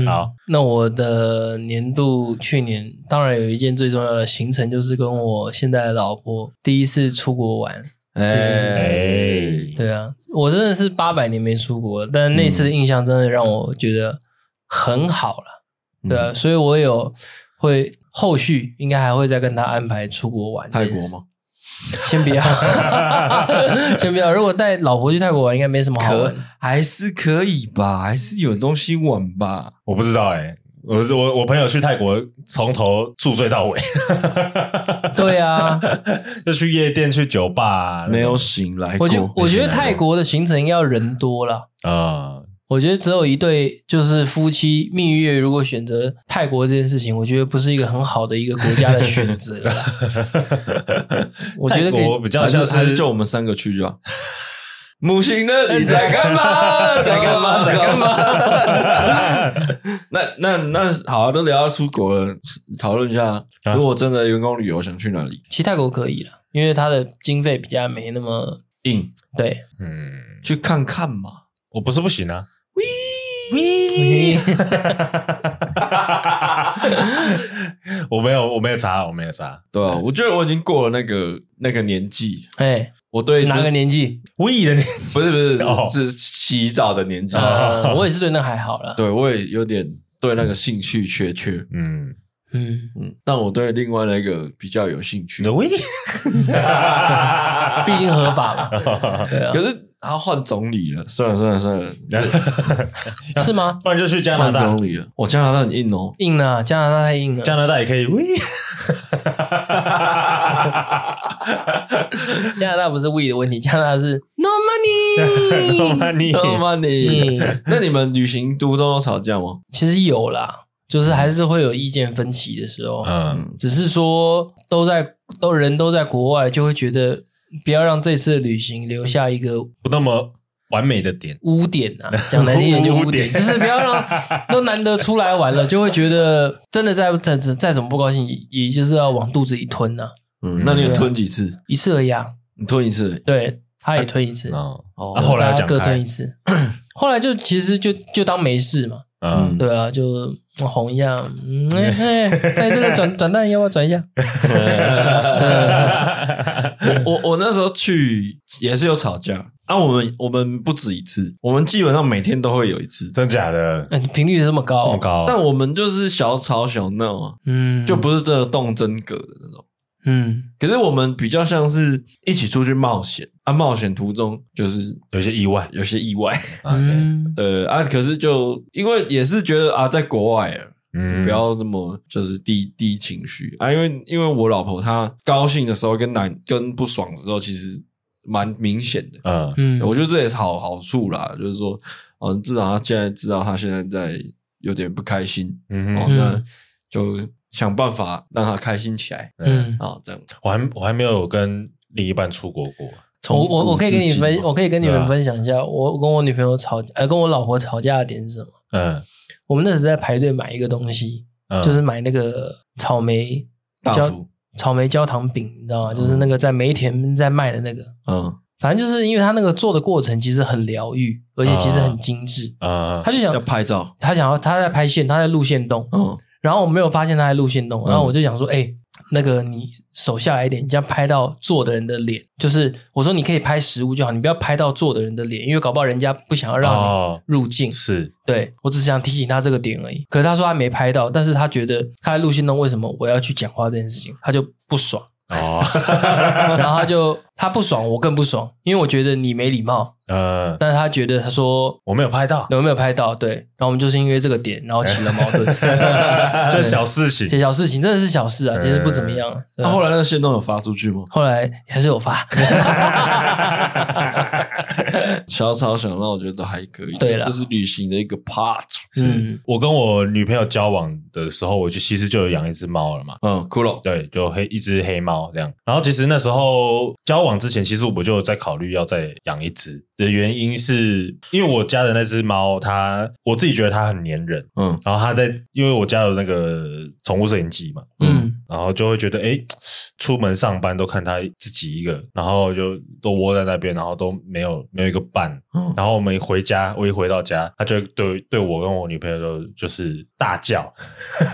好、 [LAUGHS] 嗯。那我的年度去年當然有一件最重要的行程，就是跟我現在的老婆第一次出國玩這、欸、對啊，我真的是八百年沒出國，但那次的印象真的讓我覺得很好了。對啊，所以我有會後續應該還會再跟他安排出國玩，泰國嗎？先不要，先不要。如果帶老婆去泰國玩，應該沒什麼好玩。可還是可以吧？還是有東西玩吧？我不知道哎、欸，我我我朋友去泰國，從頭宿醉到尾。對啊， [LAUGHS] 就去夜店、去酒吧，沒有醒來過。我就我覺得泰國的行程要人多了啊。嗯我覺得只有一對就是夫妻蜜月，如果選擇泰國這件事情，我覺得不是一個很好的一個國家的選擇。 [LAUGHS] 我覺得泰國比較像是，還是，就我們三個去就好，就 [LAUGHS] 母親呢？你在幹嘛， [LAUGHS] 嘛？在幹嘛？在幹嘛？那那那好，啊，都聊到出國了，討論一下，如果真的員工旅遊、嗯、想去哪裡？去泰國可以了，因為它的經費比較沒那麼硬。對，嗯，去看看嘛，我不是不行啊。 [LAUGHS] 我沒有，我沒有查，我沒有查。對啊，啊我覺得我已經過了那個那個年紀。哎，hey，我對這哪個年紀？喂的年紀，不是不是，oh. 是洗澡的年紀，uh，嗯。我也是對那還好了。對，我也有點對那個興趣缺缺。嗯嗯嗯，但我對另外那個比較有興趣。喂， [LAUGHS] 畢竟合法嘛。對啊， [LAUGHS] 可是。他、啊、換總理了，算了算了算了，是， [LAUGHS] 是嗎？不然就去加拿大。總理了，我、 [LAUGHS] 哦、加拿大很硬哦，硬啊！加拿大太硬了，加拿大也可以 we。 [LAUGHS] [LAUGHS] 加拿大不是 we 的問題，加拿大是 no money，no money，no money。 [LAUGHS] No、money. No money. [LAUGHS] [LAUGHS] 那你們旅行都都吵架嗎？其實有啦，就是還是會有意見分歧的時候。嗯，只是說都在都人都在國外，就會覺得。不要讓這次的旅行留下一個不那麼完美的點污點啊！講難聽點就污點，就是不要讓都難得出來玩了，就會覺得真的再再再怎麼不高興也，也就是要往肚子裡吞啊。嗯，那你吞幾次、嗯啊？一次而已啊！你吞一次，對，他也吞一次。哦，然後來各吞一次，啊，後來講開，後來就其實就就當沒事嘛。嗯，對啊，就紅一樣。在、嗯欸欸、這個轉轉蛋一樣，要不要轉一下？ [LAUGHS] 我我我那時候去也是有吵架，啊，我們我們不止一次，我們基本上每天都會有一次，真假的？嗯、欸、頻率這麼高、哦，這麼高、哦？但我們就是小吵小鬧，啊，嗯，就不是真的動真格的那種。嗯，可是我們比較像是一起出去冒險啊，冒險途中就是有些意外，有些意外。嗯， [LAUGHS] 對啊，可是就因為也是覺得啊，在國外啊，嗯，不要這麼就是低低情緒啊，因為因為我老婆她高興的時候跟難跟不爽的時候其實蠻明顯的嗯嗯，我覺得這也是好好處啦，就是說，嗯，哦，至少她現在知道她現在在有點不開心，嗯，嗯哦，那就。嗯想辦法讓他開心起來。嗯，好、哦，這樣。我還我還沒有跟另一半出國過。從我我我可以跟你分，我可以跟你們分享一下、啊。我跟我女朋友吵，呃，跟我老婆吵架的點是什麼？嗯，我們那時在排隊買一個東西，嗯，就是買那個草莓大焦草莓焦糖餅，你知道嗎？嗯、就是那個在梅田在賣的那個。嗯，反正就是因為他那個做的過程其實很療癒，而且其實很精緻。啊、嗯，他就想要拍照，他想要他在拍限動，他在錄限動。嗯。然後我沒有發現他在錄限動。嗯，然後我就想說，哎、欸，那個你手下來一點，你這樣拍到坐的人的臉，就是我說你可以拍食物就好，你不要拍到坐的人的臉，因為搞不好人家不想要讓你入鏡。哦。是，對，我只是想提醒他這個點而已。可是他說他沒拍到，但是他覺得他在錄限動，為什麼我要去講話這件事情，他就不爽。哦， [LAUGHS] 然後他就。他不爽，我更不爽，因為我覺得你沒禮貌。呃，但是他覺得他說我沒有拍到，我沒有拍到，對。然後我們就是因為這個點，然後起了矛盾、欸 [LAUGHS] 就是小事情，小事情真的是小事啊、欸，其實不怎麼樣。那、啊啊、後來那個線都有發出去嗎？後來還是有發。 [LAUGHS] [LAUGHS] 小吵小鬧，我覺得還可以。對了，這是旅行的一個 part。嗯，我跟我女朋友交往的時候，我就其實就有養一隻貓了嘛。嗯，骷髏，對，就黑一隻黑貓這樣。然後其實那時候交往。之前其實我就有在考慮要再養一隻的原因，是因為我家的那隻貓，它我自己覺得它很粘人，嗯，然後它在因為我家有那個寵物攝影機嘛，嗯，然後就會覺得哎，出門上班都看它自己一個，然後就都窩在那邊，然後都沒有沒有一個伴，嗯，然後我們一回家，我一回到家，它就對對我跟我女朋友都就是大叫。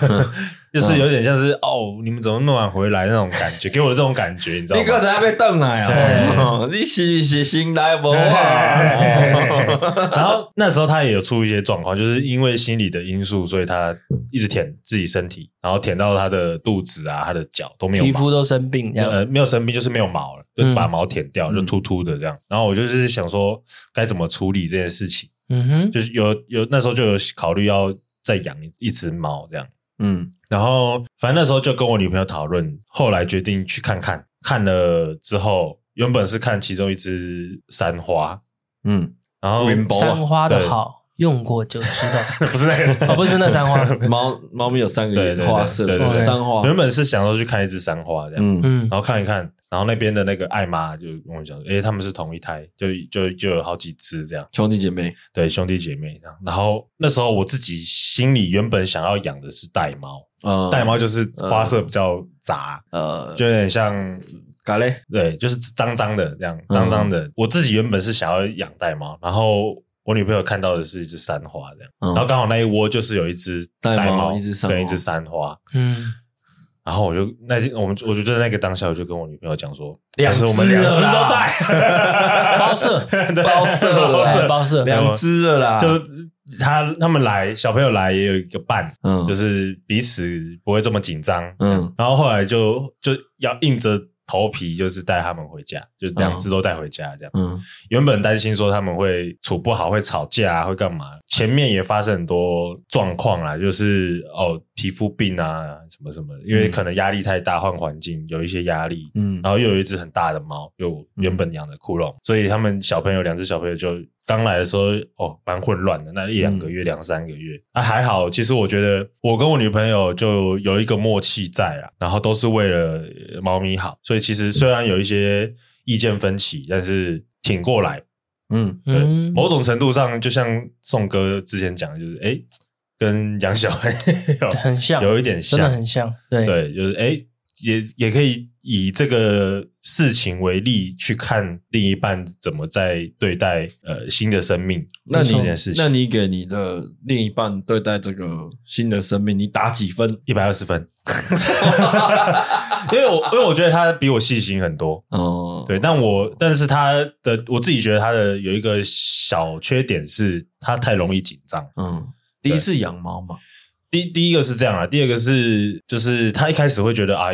嗯 [LAUGHS] 就是有點像是、嗯、哦，你們怎麼那麼晚回來那種感覺， [LAUGHS] 給我這種感覺， [LAUGHS] 你知道嗎？你剛才被瞪了呀！你洗洗新 level 啊，然後那時候他也有出一些狀況，就是因為心理的因素，所以他一直舔自己身體，然後舔到他的肚子啊，他的腳都沒有皮膚都生病，嗯，呃，沒有生病就是沒有毛了，就把毛舔掉，嗯，就禿禿的這樣。然後我就是想說該怎麼處理這件事情。嗯哼，就是有有那時候就有考慮要再養一隻貓這樣。嗯，然後反正那時候就跟我女朋友討論，後來決定去看看。看了之後，原本是看其中一隻三花，嗯，然後 Wimbo, 三花的好用過就知道， [LAUGHS] 不是那個、 [LAUGHS] 哦，不是那三花。貓 [LAUGHS] 貓咪有三個月花色，對對對、okay，三花。原本是想說去看一隻三花，這樣，嗯嗯，然後看一看。然後那邊的那個愛媽就跟我講，誒、欸、他們是同一胎，就就就有好幾隻這樣兄弟姐妹。對，兄弟姐妹。然後,然後那時候我自己心裡原本想要養的是玳瑁，玳、呃、瑁就是花色比較雜，呃，就有點像咖喱、呃。對，就是髒脏的這樣，髒脏的、嗯。我自己原本是想要養玳瑁，然後我女朋友看到的是一只三花這樣，嗯、然後剛好那一窩就是有一只玳瑁，一只三，一只三花。嗯。然後我就那，我們我就在那個當下，我就跟我女朋友講說，兩隻我們兩隻都帶， [LAUGHS] 包色 [LAUGHS] 包色包色、哎、包色兩隻了啦就，就他他們來小朋友來也有一個伴，嗯，就是彼此不會這麼緊張，嗯，然後後來就就要硬着頭皮就是帶他們回家，就兩隻都帶回家這樣。嗯，原本擔心說他們會處不好，會吵架，會幹嘛？前面也發生很多狀況啦，就是哦，皮膚病啊，什麼什麼，因為可能壓力太大、嗯，換環境有一些壓力。嗯，然後又有一隻很大的貓，又原本養的窟窿、嗯。所以他們小朋友兩隻小朋友就。剛來的時候，哦，蠻混亂的，那一兩個月，嗯，兩三個月啊，還好。其實我覺得，我跟我女朋友就有一個默契在啊，然後都是為了，呃、貓咪好，所以其實雖然有一些意見分歧，嗯，但是挺過來。嗯對嗯，某種程度上，就像宋哥之前講的，就是哎，跟楊小黑很像，有一點像，很像。對對，就是哎，也也可以。以這個事情為例，去看另一半怎麼在對待呃新的生命。那你這件事情，那你給你的另一半對待這個新的生命，你打幾分？一百二十分。 [LAUGHS] [LAUGHS] [LAUGHS] [LAUGHS] 因為我因為我覺得他比我細心很多。哦，對，但我但是他的我自己覺得他的有一個小缺點是，他太容易緊張。嗯，第一次養貓嘛。第第一個是這樣啊，第二個是就是他一開始會覺得啊，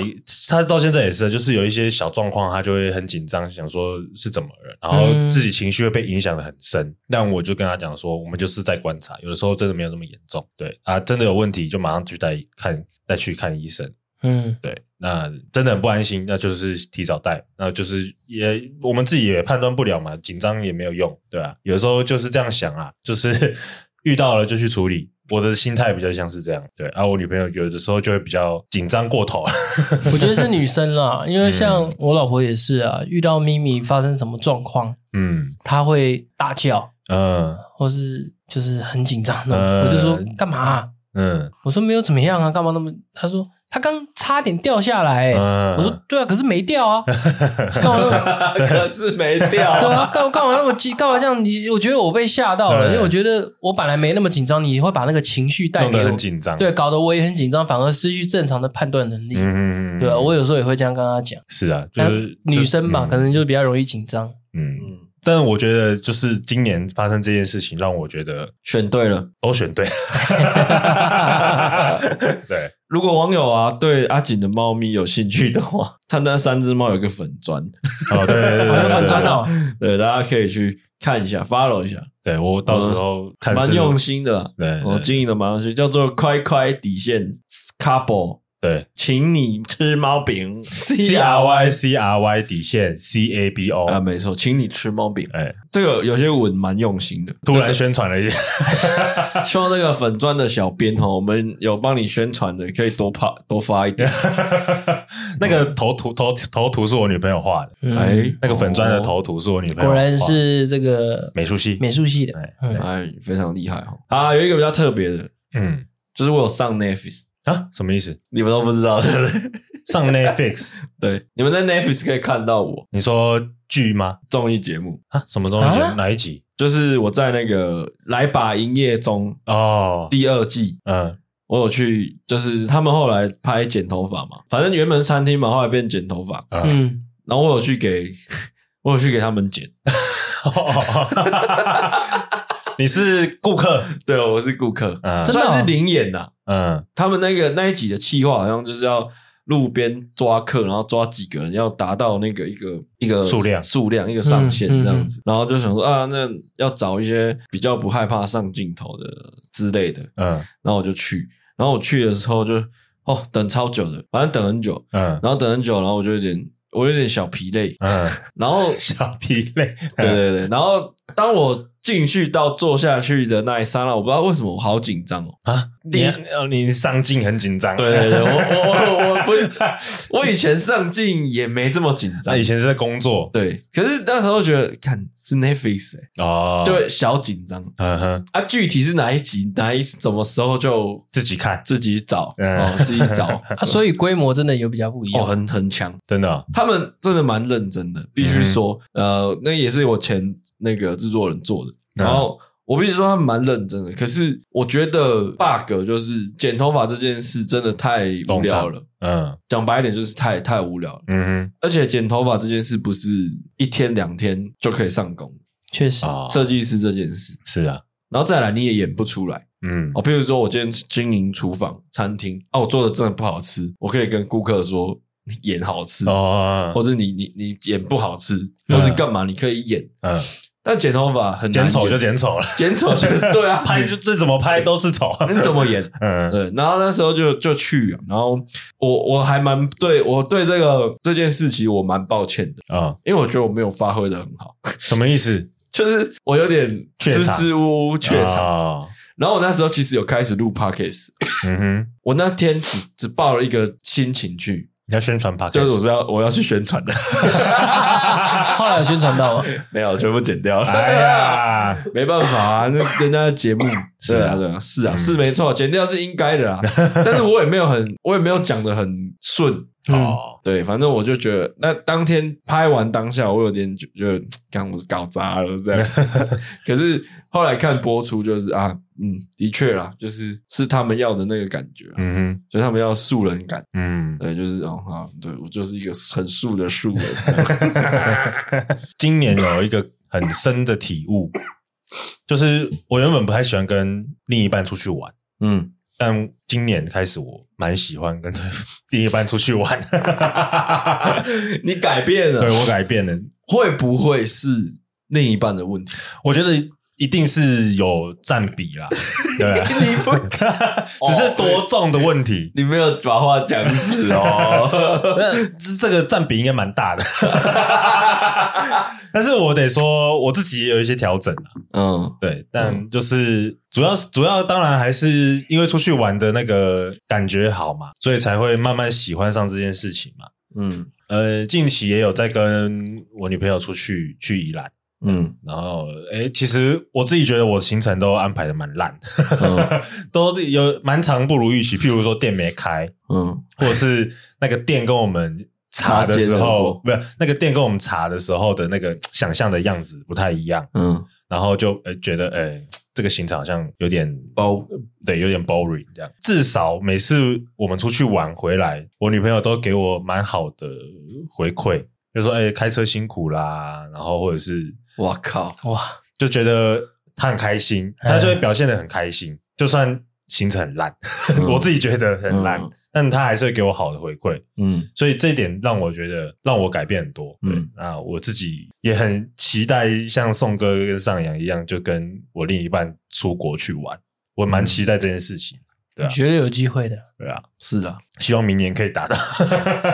他到現在也是，就是有一些小狀況，他就會很緊張，想說是怎麼了，然後自己情緒會被影響的很深。那、嗯、我就跟他講說，我們就是在觀察，有的時候真的沒有這麼嚴重，對啊，真的有問題就馬上去帶看，帶去看醫生，嗯，對，那真的很不安心，那就是提早帶，那就是也我們自己也判斷不了嘛，緊張也沒有用，對吧、啊？有的時候就是這樣想啊，就是 [LAUGHS] 遇到了就去處理。我的心態比較像是這樣，對，啊我女朋友有的時候就會比較緊張過頭。我覺得是女生啦， [LAUGHS] 因為像我老婆也是啊，遇到咪咪發生什麼狀況，嗯，她會大叫，嗯，或是就是很緊張的，我就說幹嘛啊？嗯，我說沒有怎麼樣啊，幹嘛那麼？她說。他剛差點掉下來、欸，嗯、我說對啊，可是沒掉啊。幹 [LAUGHS] 嘛好都 [LAUGHS] 可是沒掉。對啊，幹幹嘛那麼急？幹 [LAUGHS] 嘛這樣？你我覺得我被嚇到了，對對對，因為我覺得我本來沒那麼緊張，你會把那個情緒帶給我，緊張。對，搞得我也很緊張，反而失去正常的判斷能力。嗯嗯嗯，嗯。對吧？我有時候也會這樣跟他講。是啊，就是女生吧，嗯嗯可能就比較容易緊張。嗯嗯，嗯。嗯、但我覺得，就是今年發生這件事情，讓我覺得選對了，都選對。 [LAUGHS] [LAUGHS] 對。如果網友啊對阿錦的貓咪有興趣的話，他那三隻貓有個粉專，哦對，對，對，對粉專、啊、哦，對，大家可以去看一下，follow 一下，對我到時候看，蠻、嗯、用心的、啊，對，對，對，我、哦、經營的蠻用心，叫做快快底線 couple。Scalpo 對，請你吃貓餅。C -R, C R Y C R Y，底線。C A B O 啊，沒錯，請你吃貓餅。哎、欸，這個有些文蠻用心的，突然宣傳了一下、這個。 [LAUGHS] 希望這個粉專的小編哈， [LAUGHS] 我們有幫你宣傳的，可以多拍多發一點。 [LAUGHS] [LAUGHS] 那個頭圖頭頭圖是我女朋友畫的，哎、嗯，那個粉專的頭圖是我女朋友，果然是這個美術系美術系的，哎、欸嗯，非常厲害哈。啊，有一個比較特別的，嗯，就是我有上 Netflix 啊，什麼意思？你們都不知道，是不是？ [LAUGHS] 上 Netflix， [LAUGHS] 對，你們在 Netflix 可以看到我。你說劇嗎？綜藝節目啊？什麼綜藝節目？哪一集？就是我在那個《來吧營業中》哦，第二季，嗯，我有去，就是他們後來拍剪頭髮嘛，反正原本是餐廳嘛，後來變剪頭髮，嗯，嗯，然後我有去給，我有去給他們剪。 [LAUGHS] [LAUGHS] 你是顧客，對，我是顧客，嗯，真的是零演吶、啊。嗯，他們那個那一集的企劃好像就是要路邊抓客，然後抓幾個人要達到那個一個一個數量數量一個上限這樣子，嗯嗯、然後就想說啊，那要找一些比較不害怕上鏡頭的之類的，嗯，然後我就去，然後我去的時候就、嗯、哦等超久的，反正等很久，嗯，然後等很久，然後我就有點我有點小疲累，嗯， [LAUGHS] 然後小疲累，對對對， [LAUGHS] 然後。當我進去到坐下去的那一剎那，我不知道為什麼我好緊張哦啊！你呃，你上鏡很緊張，對對對，我我我我不是，我以前上鏡也沒這麼緊張。啊、以前是在工作，對。可是那時候覺得看是 Netflix、欸、哦，就小緊張、嗯。啊，具體是哪一集，哪一什麼時候就自己看，自己找、哦，自己找。啊，所以規模真的有比較不一樣，哦，很很強，真的、哦。他們真的蠻認真的，必須說、嗯，呃，那也是我前。那個製作人做的，然後我必須說他蠻認真的。可是我覺得 bug 就是剪頭髮這件事真的太無聊了。嗯，講白一點就是太太無聊了。嗯哼，而且剪頭髮這件事不是一天兩天就可以上工。確實，設計師這件事、哦、是啊。然後再來你也演不出來。嗯，哦，譬如說我今天經營廚房餐廳，哦、啊，我做的真的不好吃，我可以跟顧客說。你演好吃，oh, uh, 或者你你你演不好吃，uh, 或是幹嘛？你可以演，嗯、uh, uh,。但剪頭髮很剪醜就剪醜了，剪醜就是對啊， [LAUGHS] 拍就這怎麼拍都是醜，你怎麼演，嗯、uh,。對。然後那時候就就去、啊，然後我我還蠻對我對這個對、這個、這件事情我蠻抱歉的啊，uh, 因為我覺得我沒有發揮的很好。什麼意思？ [LAUGHS] 就是我有點怯場，支支吾吾 oh. 然後我那時候其實有開始錄 podcast，嗯、 [LAUGHS] mm -hmm. 我那天只只報了一個心情劇。要宣傳吧，就是我是要我要去宣傳的 [LAUGHS] 後來宣傳到嗎 [LAUGHS] 沒有，全部剪掉了哎。哎呀，沒辦法啊， [COUGHS] 那人家的節目是 [COUGHS] 啊，啊，是啊， [COUGHS] 是沒錯，剪掉是應該的啊。 [COUGHS] 但是我也沒有很，我也沒有講得很順哦。 [COUGHS] 對，反正我就覺得那當天拍完當下，我有點就覺得剛我搞砸了這樣。 [COUGHS] 可是後來看播出就是啊。嗯，的確啦，就是是他們要的那個感覺，嗯哼，所以他們要素人感，嗯，對，就是哦哈、哦，對我就是一個很素的素人。 [LAUGHS] 今年有一個很深的體悟， [COUGHS] 就是我原本不太喜歡跟另一半出去玩，嗯，但今年開始我蠻喜歡跟另一半出去玩。 [LAUGHS] [COUGHS] 你改變了，對，我改變了，會不會是另一半的問題？我覺得。一定是有占比啦，對、啊， [LAUGHS] 你不看看笑，只是多重的問題、哦，你沒有把話講死哦。 [LAUGHS] 這這個占比應該蠻大的， [LAUGHS] 但是我得說，我自己也有一些調整，嗯，對，但就是主要是主要，當然還是因為出去玩的那個感覺好嘛，所以才會慢慢喜歡上這件事情嘛。嗯，呃，近期也有在跟我女朋友出去去宜蘭。嗯，嗯，然後誒，其實我自己覺得我行程都安排得蠻爛的、嗯呵呵，都有蠻長不如預期。譬如說店沒開，嗯，或者是那個店跟我們查的時候，不是那個店跟我們查的時候的那個想象的樣子不太一樣，嗯，然後就誒覺得誒這個行程好像有點 boring、呃、對，有點 boring 這樣。至少每次我們出去玩回來，我女朋友都給我蠻好的回饋，就是說誒開車辛苦啦，然後或者是。我靠哇！就覺得他很開心、欸，他就會表現得很開心，就算行程很爛，嗯、 [LAUGHS] 我自己覺得很爛、嗯，但他還是會給我好的回饋。嗯，所以這一點讓我覺得讓我改變很多。對嗯，啊，我自己也很期待像宋哥跟上陽一樣，就跟我另一半出國去玩，我蠻期待這件事情。嗯你覺得有機會的？對啊，是的、啊，希望明年可以達到。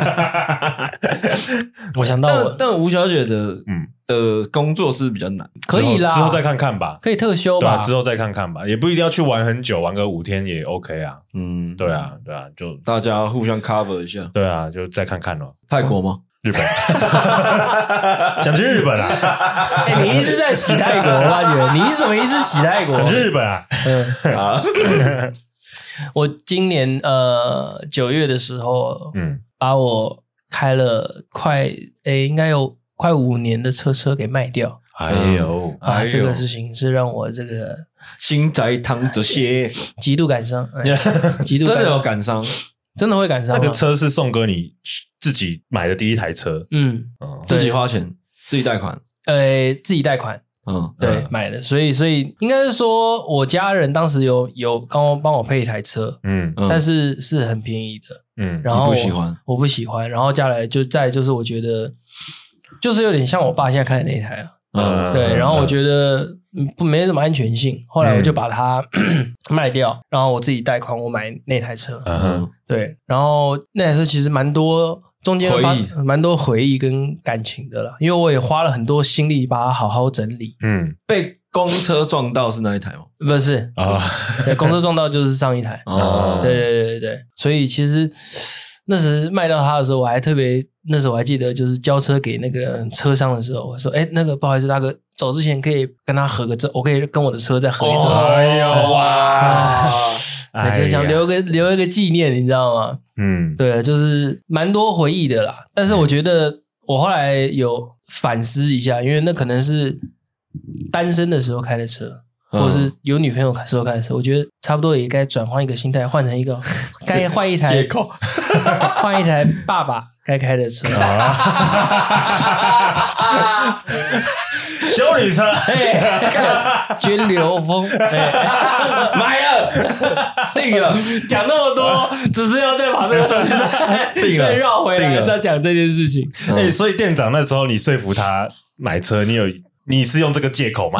[LAUGHS] [LAUGHS] 我想到了，但吳小姐的嗯的工作是比較難，可以啦，之後，之後再看看吧，可以特休吧？對啊，之後再看看吧，也不一定要去玩很久，玩個五天也 OK 啊。嗯，對啊，對啊，就大家互相 cover 一下。對啊，就再看看咯。泰國嗎？日本 [LAUGHS] 想去日本啊 [LAUGHS] 、欸？你一直在洗泰國，我發覺你怎麼一直洗泰國？想去日本啊？啊、嗯。 [LAUGHS] [LAUGHS] 我今年呃九月的時候，嗯，把我開了快誒，應該有快五年的車車給賣掉哎、啊。哎呦，這個事情是讓我這個心在淌着血，極度感傷，哎、 [LAUGHS] 極度感 [LAUGHS] 真的有感傷，真的會感傷。那個車是宋哥你自己買的第一台車，嗯，自己花錢，自己貸款，誒，自己貸款。呃嗯，對嗯，買的，所以所以應該是說我家人當時有有剛剛幫我配一台車嗯，嗯，但是是很便宜的，嗯，然後我不喜歡，我不喜歡，然後接下來就再來就是我覺得就是有點像我爸現在開的那一台了，嗯，對，嗯、然後我覺得不沒什麼安全性，嗯、後來我就把它、嗯、 [COUGHS] 賣掉，然後我自己貸款我買那台車，嗯哼，對，然後那台車其實蠻多。中間蠻蠻多回憶跟感情的了，因為我也花了很多心力把它好好整理。嗯，被公車撞到是哪一台嗎？不是啊、哦，公車撞到就是上一台。哦，對對對對對，所以其實那時賣掉它的時候，我還特別，那時候我還記得，就是交車給那個車商的時候，我說：“哎，那個不好意思，大哥，走之前可以跟他合個照，我可以跟我的車再合一張。哦嗯”哎呦哇！哎哇哎、就是想留個留一個紀念，你知道嗎？嗯，對，就是蠻多回憶的啦。但是我覺得我後來有反思一下，因為那可能是單身的時候開的車。或是有女朋友的時候開的車、嗯，我覺得差不多也該轉換一個心態，換成一個該換一台，換一台爸爸該開的車，啊 [LAUGHS] 啊啊、 [LAUGHS] 修理車，軍、欸、 [LAUGHS] 流風，買、欸、啊，了 [LAUGHS] 定了。講那麼多、啊，只是要再把這個東西再，再繞回來，再講這件事情。哎、嗯、欸，所以店長那時候你說服他買車，你有？你是用這個借口嗎？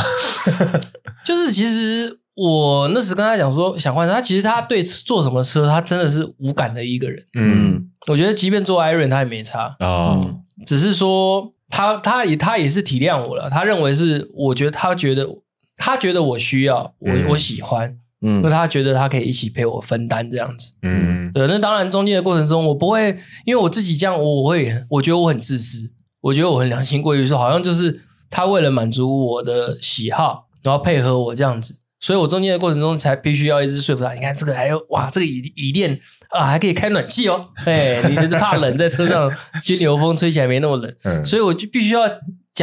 [LAUGHS] 就是其實我那時跟他講說，想 [LAUGHS] 換他，其實他對坐什麼車，他真的是無感的一個人。嗯，嗯我覺得即便坐 Airon 他也沒差啊、哦，只是說他他也他也是體諒我了。他認為是，我覺得他覺得他覺得我需要，我、嗯、我喜歡，嗯，那他覺得他可以一起陪我分擔這樣子。嗯，對。那當然，中間的過程中，我不會因為我自己這樣我，我會我覺得我很自私，我覺得我很良心過於說，好像就是。他為了滿足我的喜好，然後配合我這樣子，所以我中間的過程中才必須要一直說服他。你看這個還有哇，這個椅椅墊啊，還可以開暖氣哦。哎、 [LAUGHS] hey,，你就是怕冷在車上吹流風，吹起來沒那麼冷，嗯、所以我就必須要。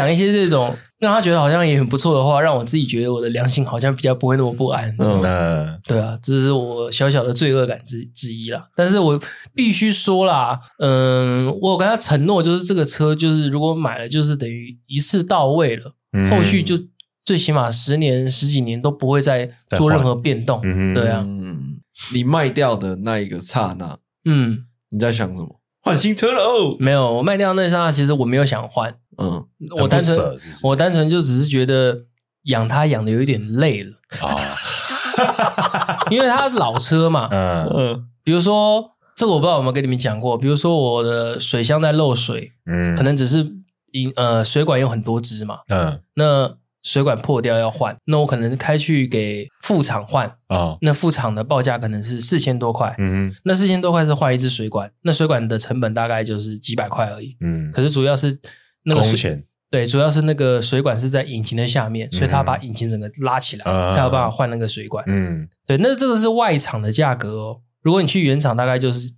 講一些這種讓他覺得好像也很不錯的話，讓我自己覺得我的良心好像比較不會那麼不安。嗯，嗯，對啊，這是我小小的罪惡感之之一啦。但是我必須說啦，嗯，我跟他承諾，就是這個車，就是如果買了，就是等於一次到位了，嗯，後續就最起碼十年、十幾年都不會再做任何變動。嗯，對啊，嗯，你賣掉的那一個剎那，嗯，你在想什麼？換新車了哦？沒有，我賣掉那剎那，其實我沒有想換。嗯，我單純我單純就只是覺得養它養的有一點累了啊， [LAUGHS] 因為它老車嘛，嗯嗯，比如說這個我不知道有沒有跟你們講過，比如說我的水箱在漏水，嗯，可能只是飲呃水管有很多支嘛，嗯，那水管破掉要換，那我可能開去給副廠換，哦，那副廠的報價可能是四千多塊，嗯，那四千多塊是換一支水管，那水管的成本大概就是幾百塊而已，嗯，可是主要是。那個水對，主要是那個水管是在引擎的下面，所以他把引擎整個拉起來，才有辦法換那個水管。嗯，對，那這個是外廠的價格哦。如果你去原廠，大概就是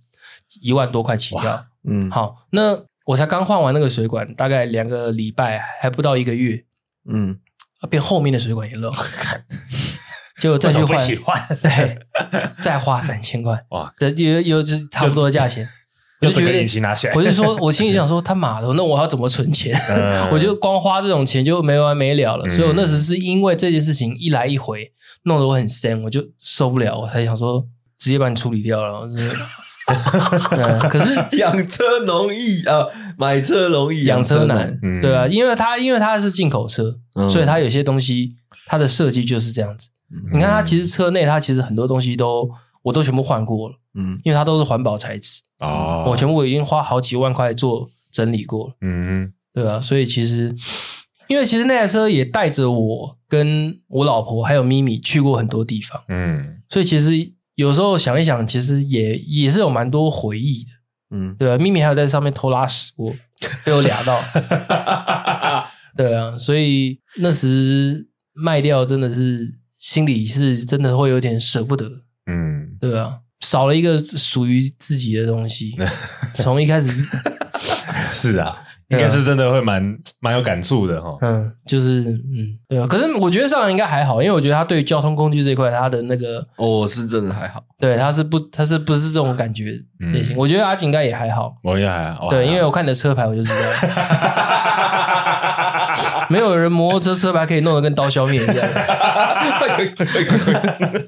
一萬多塊起跳。嗯，好，那我才剛換完那個水管，大概兩個禮拜，還不到一個月，嗯，變後面的水管也漏，就再去換，對，再花三千塊，哇，對，又又是差不多的價錢。我就覺得，我就說，我心裡想說，他媽的，那我要怎麼存錢？ [LAUGHS] [LAUGHS] 我就光花這種錢就沒完沒了了。嗯、所以，我那時是因為這件事情一來一回，弄得我很生，我就受不了，我才想說，直接把你處理掉了。我就 [LAUGHS] 嗯、可是養車容易啊，買車容易，養車難，嗯，對吧？啊？因為他，因為他是進口車，嗯、所以他有些東西，它的設計就是這樣子。嗯、你看，它其實車內，它其實很多東西都。我都全部換過了，嗯，因為它都是環保材質，哦，我全部已經花好幾萬塊做整理過了，嗯，對啊，所以其實，因為其實那台車也帶着我跟我老婆還有咪咪去過很多地方，嗯，所以其實有時候想一想，其實也也是有蠻多回憶的，嗯，對啊，咪咪還有在上面偷拉屎過，被我倆到， [LAUGHS] [LAUGHS] 對啊，所以那時賣掉真的是心裡是真的會有點捨不得，嗯。對啊，少了一個屬於自己的東西。從一開始是， [LAUGHS] 是啊，應該是真的會蠻、啊、蠻有感觸的哈、哦。嗯，就是嗯，對啊。可是我覺得上海應該還好，因為我覺得他對於交通工具這塊他的那個，我、哦、是真的還好。對，他是不，他是不是這種感覺、嗯、類型？我覺得阿景應該也還好，我也還好對，因為我看你的車牌，我就知道， [LAUGHS] [LAUGHS] 沒有人摩托車車牌可以弄得跟刀削麵一樣。 [LAUGHS]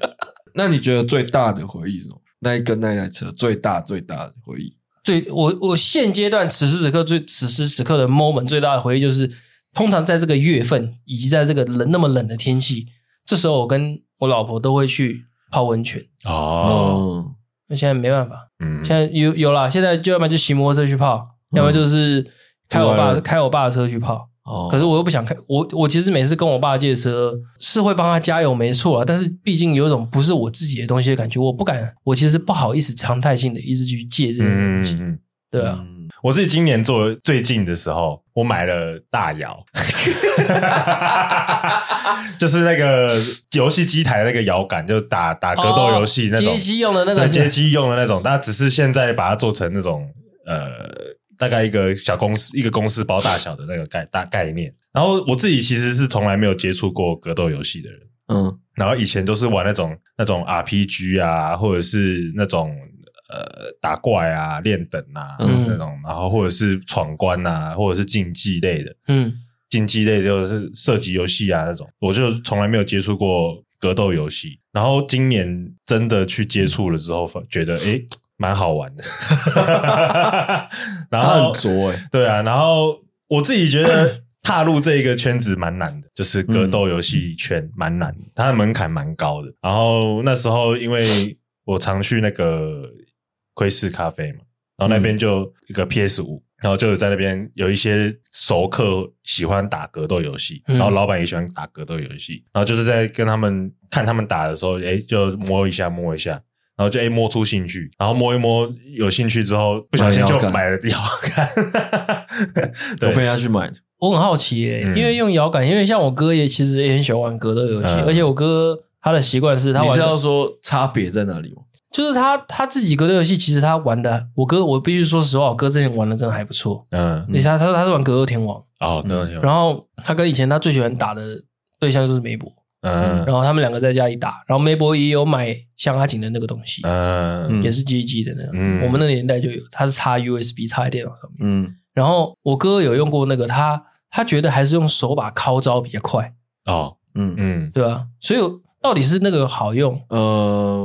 [LAUGHS] [LAUGHS] 那你覺得最大的回憶是什麼？那一個那台車最大最大的回憶，最我我現階段此時此刻最此時此刻的 moment 最大的回憶就是，通常在這個月份以及在這個冷那麼冷的天氣，這時候我跟我老婆都會去泡溫泉哦，那、嗯、現在沒辦法，嗯，現在有有啦，現在就要不然就騎摩托車去泡，嗯、要麼就是開我爸的開我爸的車去泡。哦，可是我又不想開我。我其實每次跟我爸借車是會幫他加油，沒錯啊。但是畢竟有一種不是我自己的東西的感覺，我不敢。我其實不好意思常態性的一直去借這些東西。嗯、對啊、嗯，我自己今年做最近的時候，我買了大搖， [LAUGHS] [LAUGHS] 就是那個遊戲機台那個搖桿，就打打格鬥遊戲那種街機、哦、用的那個街機用的那種。但只是現在把它做成那種呃。大概一個小公司，一個公司包大小的那個概大概念。然後我自己其實是從來沒有接觸過格鬥遊戲的人，嗯。然後以前都是玩那種那種 RPG 啊，或者是那種呃打怪啊、練等啊、嗯、那種，然後或者是闖關啊，或者是競技類的，嗯，競技類就是射擊遊戲啊那種。我就從來沒有接觸過格鬥遊戲。然後今年真的去接觸了之後，覺得誒蠻好玩的，哈哈哈。然後很作誒，對啊，然後我自己覺得踏入這一個圈子蠻難的，就是格鬥遊戲圈蠻難，它的門檻蠻高的。然後那時候因為我常去那個窺視咖啡嘛，然後那邊就一個 PS5，然後就在那邊有一些熟客喜歡打格鬥遊戲，然後老闆也喜歡打格鬥遊戲，然後就是在跟他們看他們打的時候，誒，就摸一下摸一下。然後就誒摸出興趣，然後摸一摸有興趣之後，不小心就買了搖桿。我陪他去買。我很好奇誒、欸嗯，因為用搖桿，因為像我哥也其實也很喜歡玩格鬥遊戲、嗯，而且我哥他的習慣是他玩。你是要說差別在哪裡嗎？就是他他自己格鬥遊戲，其實他玩的。我哥我必須說實話，我哥之前玩的真的還不錯。嗯。你猜他他他是玩格鬥天王啊、嗯，然後他跟以前他最喜歡打的對象就是梅博。嗯，然後他們兩個在家裡打，然後梅博也有買像阿錦的那個東西，嗯，也是 GG 的那個，嗯，我們那個年代就有，他是插 USB 插在電腦上面，嗯，然後我哥有用過那個，他他覺得還是用手把敲招比較快，哦，嗯嗯，對吧、啊？所以。到底是哪個好用？呃，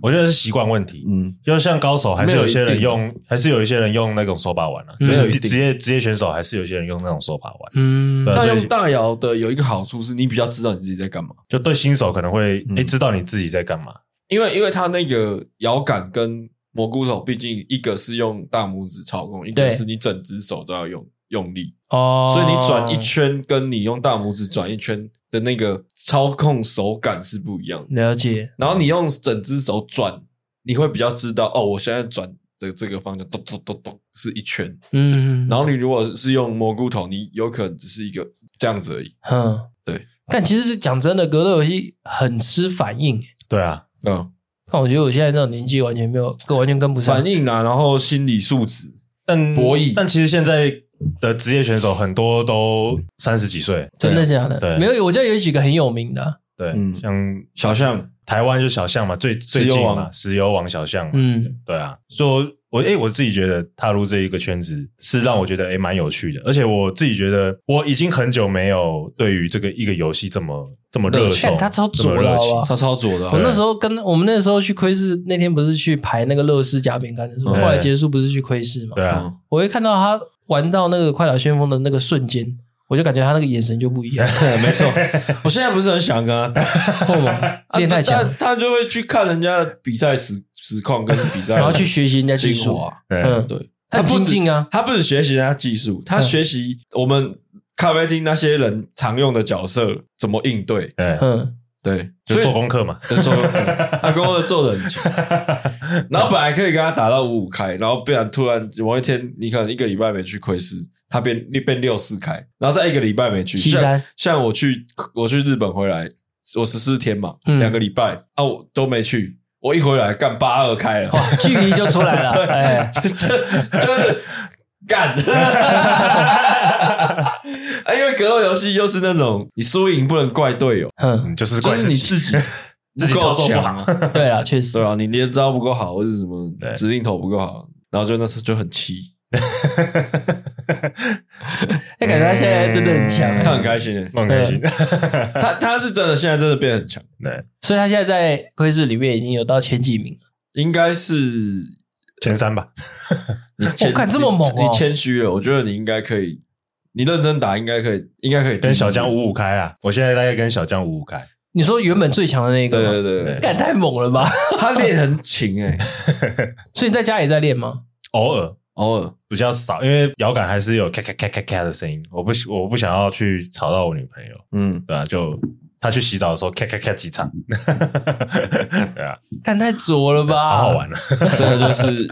我覺得是習慣問題。嗯，就像高手還是有些人用，還是有一些人用那種手把玩了，啊。就是職業職業選手還是有些人用那種手把玩。嗯、啊，但用大搖的有一個好處是，你比較知道你自己在幹嘛。就對新手可能會誒、嗯欸、知道你自己在幹嘛，因為因為他那個搖桿跟蘑菇頭，畢竟一個是用大拇指操控，一個是你整隻手都要用用力哦。所以你轉一圈，跟你用大拇指轉一圈。的那個操控手感是不一樣，了解。然後你用整隻手轉，嗯、你會比較知道哦，我現在轉的這個方向，咚咚咚咚咚，是一圈。嗯，然後你如果是用蘑菇頭，你有可能只是一個這樣子而已。嗯，對。但其實是講真的，格鬥遊戲很吃反應。對啊，嗯。但我覺得我現在那種年紀完全沒有，這個完全跟不上反應啊。然後心理素質，但博弈，但其實現在。的職業選手很多都三十幾歲，真的假的？對，沒有，我家有幾個很有名的、啊，對，像小象，台灣就小象嘛，最最近嘛，石油王小象，嗯，對啊，所以我誒、欸，我自己覺得踏入這一個圈子是讓我覺得誒蠻、欸、有趣的，而且我自己覺得我已經很久沒有對於這個一個遊戲這麼這麼熱情，他超左熱情，欸、超左的。左的好好左的啊、我那時候跟我們那時候去窺視那天不是去排那個樂事夾餅乾的時候，後來結束不是去窺視嘛？對啊，我會看到他。玩到那個《快打旋風》的那個瞬間，我就感覺他那個眼神就不一樣。 [LAUGHS] [LAUGHS] 沒錯，我現在不是很想跟他打。後來變太強，但 [LAUGHS] 他就會去看人家的比賽實實況跟比賽、啊， [LAUGHS] 然後去學習人家技術啊。 [LAUGHS] 嗯，對，他不進啊，他不只是學習人家技術，他學習我們咖啡廳那些人常用的角色怎麼應對。對、 [LAUGHS] 嗯，嗯。對，就做功課嘛、嗯，就 [LAUGHS] 做功課，他功課做的很強，然後本來可以跟他打到五五開，然後不然突然某一天，你可能一個禮拜沒去虧四，他變變六四開，然後再一個禮拜沒去，七三。像像我去我去日本回來，我十四天嘛，兩、嗯、個禮拜啊，我都沒去，我一回來幹八二開了，距、哦、離就出來了， [LAUGHS] 對， [LAUGHS] [LAUGHS] 就是。幹！啊，因為格鬥遊戲又是那種你輸贏不能怪隊友哼，就是怪自就是你自己， [LAUGHS] 自己操、啊、作不好 [LAUGHS] 對。對啊，確實。對啊，你連招不夠好，或者什麼指令頭不夠好，然後就那時候就很氣。那感覺他現在真的很強、嗯，他很開心、嗯他，很開心。他他是真的現在真的變得很強，對。所以他現在在會試裡面已經有到前幾名了，應該是。前三吧 [LAUGHS] 你前，你手感這麼猛，啊，你，你謙虛了。我覺得你應該可以，你認真打應該可以，應該可以跟小江五五開啊。我現在大概跟小江五五開。你說原本最強的那個，對對對，對，敢太猛了吧？他練很勤哎，所以你在家也在練嗎？偶爾，偶爾比較少，因為搖桿還是有咔咔咔咔咔的聲音。我不，我不想要去吵到我女朋友。嗯，對吧，啊，就。他去洗澡的時候，咔咔咔幾場， [LAUGHS] 對啊，太太濁了吧，好好玩了，這 [LAUGHS] 個就是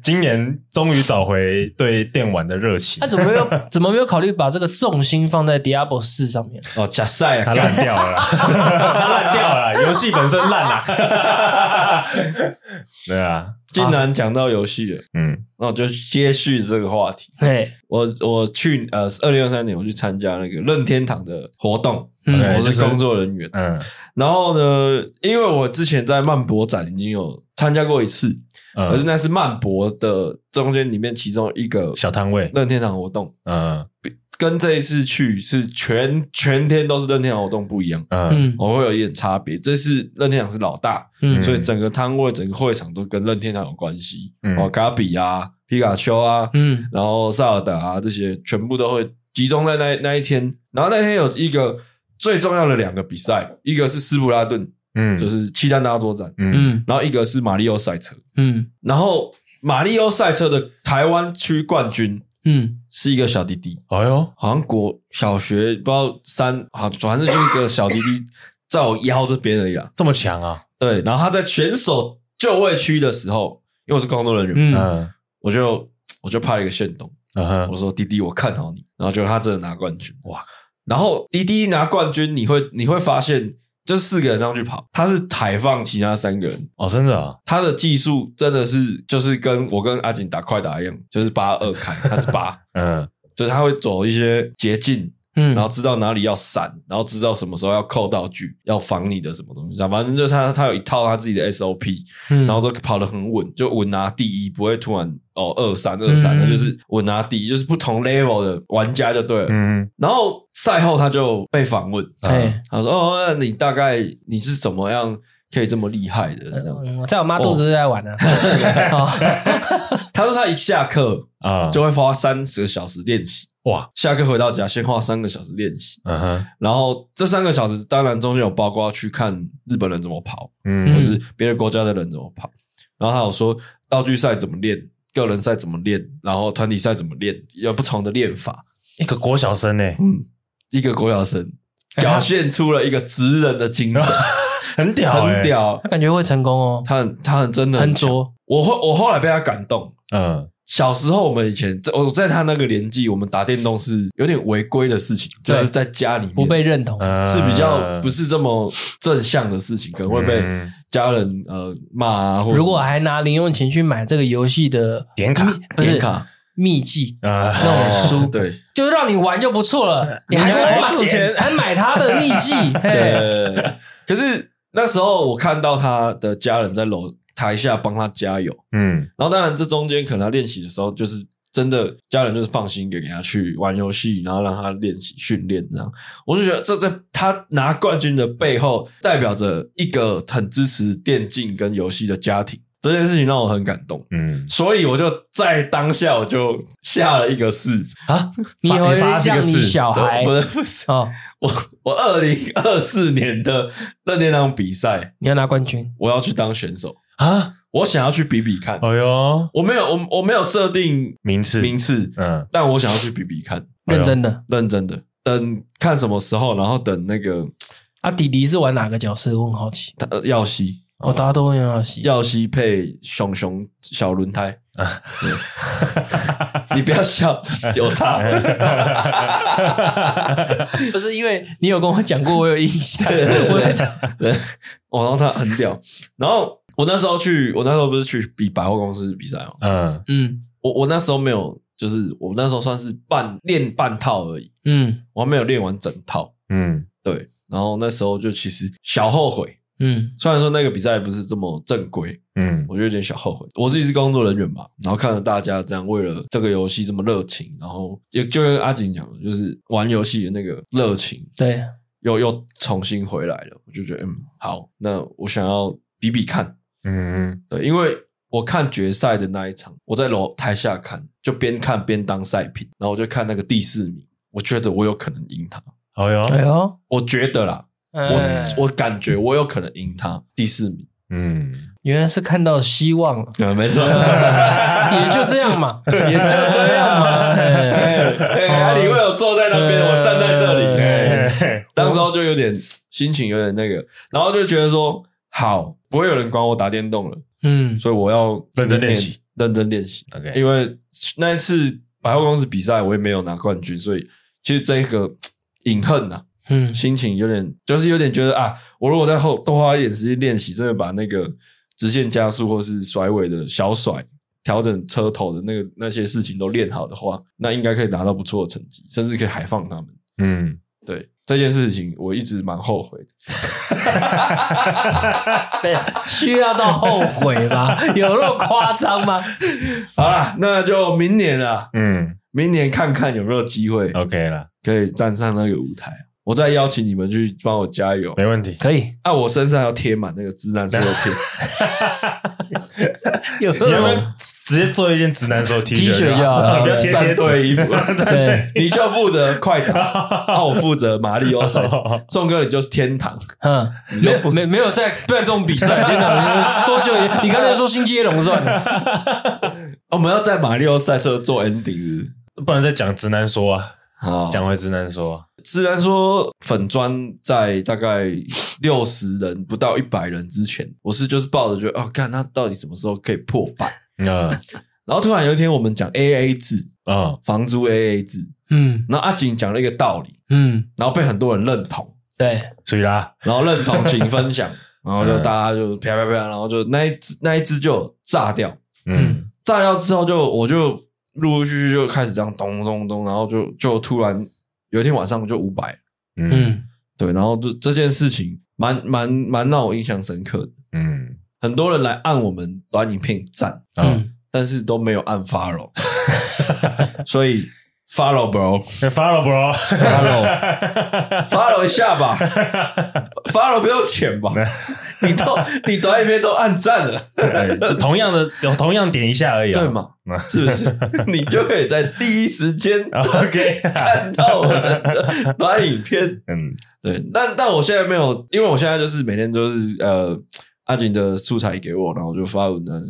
今年終於找回對電玩的熱情。 [LAUGHS] 他怎麼沒有怎麼沒有考慮把這個重心放在《Diablo 四》上面？哦、oh，假賽，他爛掉了， [LAUGHS] 他爛掉了，遊 [LAUGHS] 戲本身爛了，啊， [LAUGHS] 對啊。竟然講到遊戲了，啊，嗯，那我就接續這個話題。對，我我去呃，二零二三年我去參加那個任天堂的活動，嗯嗯、我是工作人員、就是。嗯，然後呢，因為我之前在漫博展已經有參加過一次，可、嗯、是那是漫博的中間裡面其中一個小攤位任天堂活動。嗯。比跟這一次去是全全天都是任天堂活動不一樣，嗯，我、哦、會有一點差別。這次任天堂是老大，嗯，所以整個攤位、整個會場都跟任天堂有關係，嗯，哦，卡比啊，皮卡丘啊，嗯，然後薩爾達啊這些全部都會集中在那那一天。然後那天有一個最重要的兩個比賽，一個是斯普拉頓，嗯，就是漆彈大作戰，嗯，然後一個是馬里奧賽車，嗯，然後馬里奧賽車的台灣區冠軍。嗯，是一個小弟弟，哎呦，好像國小學不知道三，好、啊，反正就一個小弟弟在我腰這邊而已。了，這麼強啊！對，然後他在選手就位區的時候，因為我是工作人員，嗯，我就我就拍了一個限動、嗯哼，我說弟弟，我看好你，然後就他真的拿冠軍，哇！然後弟弟拿冠軍，你會你會發現。就四個人上去跑，他是抬放其他三個人哦，真的啊、哦，他的技術真的是就是跟我跟阿景打快打一樣，就是八二開，他是八，嗯，就是他會走一些捷徑。嗯，然後知道哪裡要閃，然後知道什麼時候要扣道具，要防你的什麼東西。反正就是他，他有一套他自己的 SOP，嗯，然後都跑得很穩，就穩拿第一，不會突然哦二三二三，嗯，就是穩拿第一，就是不同 level 的玩家就對了。嗯，嗯，然後賽後他就被訪問，嗯嗯，他說：“哦，那你大概你是怎麼樣可以這麼厲害的？”嗯嗯，我在我媽肚子，哦，就在玩呢。 [LAUGHS] [LAUGHS] [LAUGHS] 他說他一下課啊，嗯，就會花三十個小時練習。哇！下課回到家，先花三個小時練習，uh -huh. 然後這三個小時當然中間有包括要去看日本人怎麼跑，嗯，或、就是別的國家的人怎麼跑，然後他有說道具賽怎麼練，個人賽怎麼練，然後團體賽怎麼練，有不同的練法。一個國小生哎、欸，嗯，一個國小生表現出了一個職人的精神， [LAUGHS] 很屌、欸，很屌，他感覺會成功哦。他很他很真的很作，我後我後來被他感動，嗯、uh -huh.。小時候，我們以前在我在他那個年紀，我們打電動是有點違規的事情，就是在家裡面不被認同，是比較不是這麼正向的事情，嗯、可能會被家人呃罵啊或。如果還拿零用錢去買這個遊戲的點卡，不是點卡秘籍啊、嗯、那種書、哦，對，就讓你玩就不錯了，你還花錢還，還， [LAUGHS] 還買他的秘籍，對。可是那時候我看到他的家人在樓台下幫他加油，嗯，然後當然這中間可能他練習的時候，就是真的家人就是放心給給他去玩遊戲，然後讓他練習訓練這樣。我就覺得這在他拿冠軍的背後，代表着一個很支持電競跟遊戲的家庭這件事情讓我很感動，嗯，所以我就在當下我就下了一個誓、嗯、啊，你會發現，個誓，小孩不是哦，我我二零二四年的任天堂比賽，你要拿冠軍，我要去當選手。啊！我想要去比比看。哎呦，我沒有，我我沒有設定名次名次，嗯，但我想要去比比看，認真的、哎，認真的。等看什麼時候，然後等那個，啊，弟弟是玩哪個角色？我很好奇。他耀西，哦，大家都用耀西，耀西配熊熊小輪胎。啊、對 [LAUGHS] [LAUGHS] 你不要笑，有差。不是因為你有跟我講過，我有印象。我在想，我讓他很屌， [LAUGHS] 然後。我那時候去，我那時候不是去比百貨公司比賽哦。嗯嗯，我我那時候沒有，就是我那時候算是半練半套而已。嗯，我還沒有練完整套。嗯，對。然後那時候就其實小後悔。嗯，雖然說那個比賽不是這麼正規。嗯，我就有點小後悔。我自己是工作人員嘛，然後看到大家這樣為了這個遊戲這麼熱情，然後也就跟阿景講的，就是玩遊戲的那個熱情，對，又又重新回來了。我就覺得，嗯、欸，好，那我想要比比看。嗯對，因為我看決賽的那一場，我在樓台下看，就邊看邊當賽評，然後我就看那個第四名，我覺得我有可能贏他。哎、哦、喲，我覺得啦，哎、我我感覺我有可能贏他第四名。嗯，原來是看到希望了。嗯，沒錯， [LAUGHS] [LAUGHS] 也就這樣嘛，也就這樣嘛。阿里會有坐在那邊、哎，我站在這裡，哎哎哎、當時候就有點心情有點那個，然後就覺得說。好，不會有人管我打電動了。嗯，所以我要認真練，認真練習，認真練習。OK，因為那一次百貨公司比賽，我也沒有拿冠軍，所以其實這個飲恨吶、啊，嗯，心情有點，就是有點覺得啊，我如果在後多花一點時間練習，真的把那個直線加速或是甩尾的小甩、調整車頭的那個那些事情都練好的話，那應該可以拿到不錯的成績，甚至可以海放他們。嗯。對這件事情，我一直蠻後悔的。對， [LAUGHS] 需要到後悔嗎？有那麼誇張嗎？ [LAUGHS] 好了，那就明年了。嗯，明年看看有沒有機會。OK 了，可以站上那個舞台。我再邀請你們去幫我加油，沒問題，可以、啊。那我身上要貼滿那個直男說的貼紙，有。你要不要直接做一件直男說 T 恤啊？ [LAUGHS] 戰隊衣服， [LAUGHS] 對，你就負責快打，那 [LAUGHS] 我負責馬里奧賽，宋 [LAUGHS] 哥你就是天堂。嗯沒有，沒沒沒有在，不然這種比賽，天堂多久？你剛才說星際龍是吧？ [LAUGHS] 我們要在馬里奧賽車做 ending，不能再講直男說啊，講、oh, 回直男說。自然說粉專在大概六十人不到一百人之前，我是就是抱着就啊，看、哦、他到底什麼時候可以破百啊。嗯、 [LAUGHS] 然後突然有一天，我們講 A A 制啊，房租 A A 制，嗯制，嗯然後阿景講了一個道理，嗯然，嗯然後被很多人認同，對，所以啦，然後認同請分享， [LAUGHS] 然後就大家就啪啪啪，啪，然後就那一隻那一隻就炸掉，嗯，嗯炸掉之後就我就陸陸續，續續就開始這樣咚咚咚，然後就就突然。有一天晚上就五百，嗯，對，然後就這件事情蠻蠻蠻讓我印象深刻的，嗯，很多人來按我們短影片贊，嗯，但是都沒有按 follow 哈 [LAUGHS] [LAUGHS] 所以。follow bro，follow、hey, bro，follow，follow [LAUGHS] follow 一下吧，follow 不要錢吧， [LAUGHS] 你都你短片都按贊了， [LAUGHS] 對同樣的同樣點一下而已啊，對嘛，是不是？ [LAUGHS] 你就可以在第一時間 [LAUGHS] OK [LAUGHS] 看到我們的短影片， [LAUGHS] 嗯，對。但但我現在沒有，因為我現在就是每天都、就是呃阿錦的素材給我，然後就發，文呢，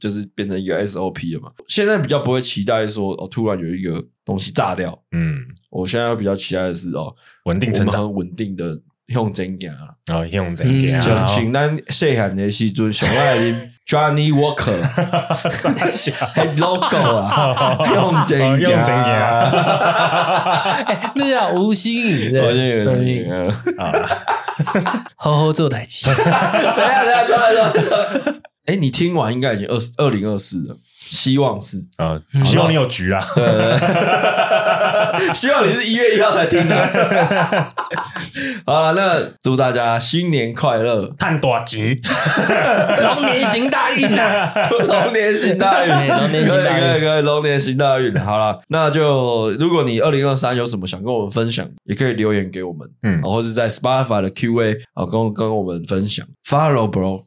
就是變成一個 SOP 了嘛。現在比較不會期待說哦，突然有一個。東西炸掉，嗯，我現在要比較期待的是哦，穩定成長，穩定的向前走啊？哦、向前走啊，向前走，簡單寫上的西裝，我愛 Johnny Walker，還 logo 啊，向前走？向前走？哎，那叫吳昕，我也有吳啊，好好做台詞，等下，等下，坐坐下哎，你聽完應該已經二四二零二四了。希望是啊、呃，希望你有局啊。對， [LAUGHS] 希望你是一月一號才聽的。 [LAUGHS] 好了，那祝大家新年快樂，賺大錢。龍 [LAUGHS] 年行大運啊！龍 [LAUGHS] 年行大運，龍、欸、年行大運，龍年行大運。好了，那就如果你二零二三有什麼想跟我們分享，也可以留言給我們，嗯，或是在 Spotify 的 Q A 啊，跟跟我們分享，Follow Bro。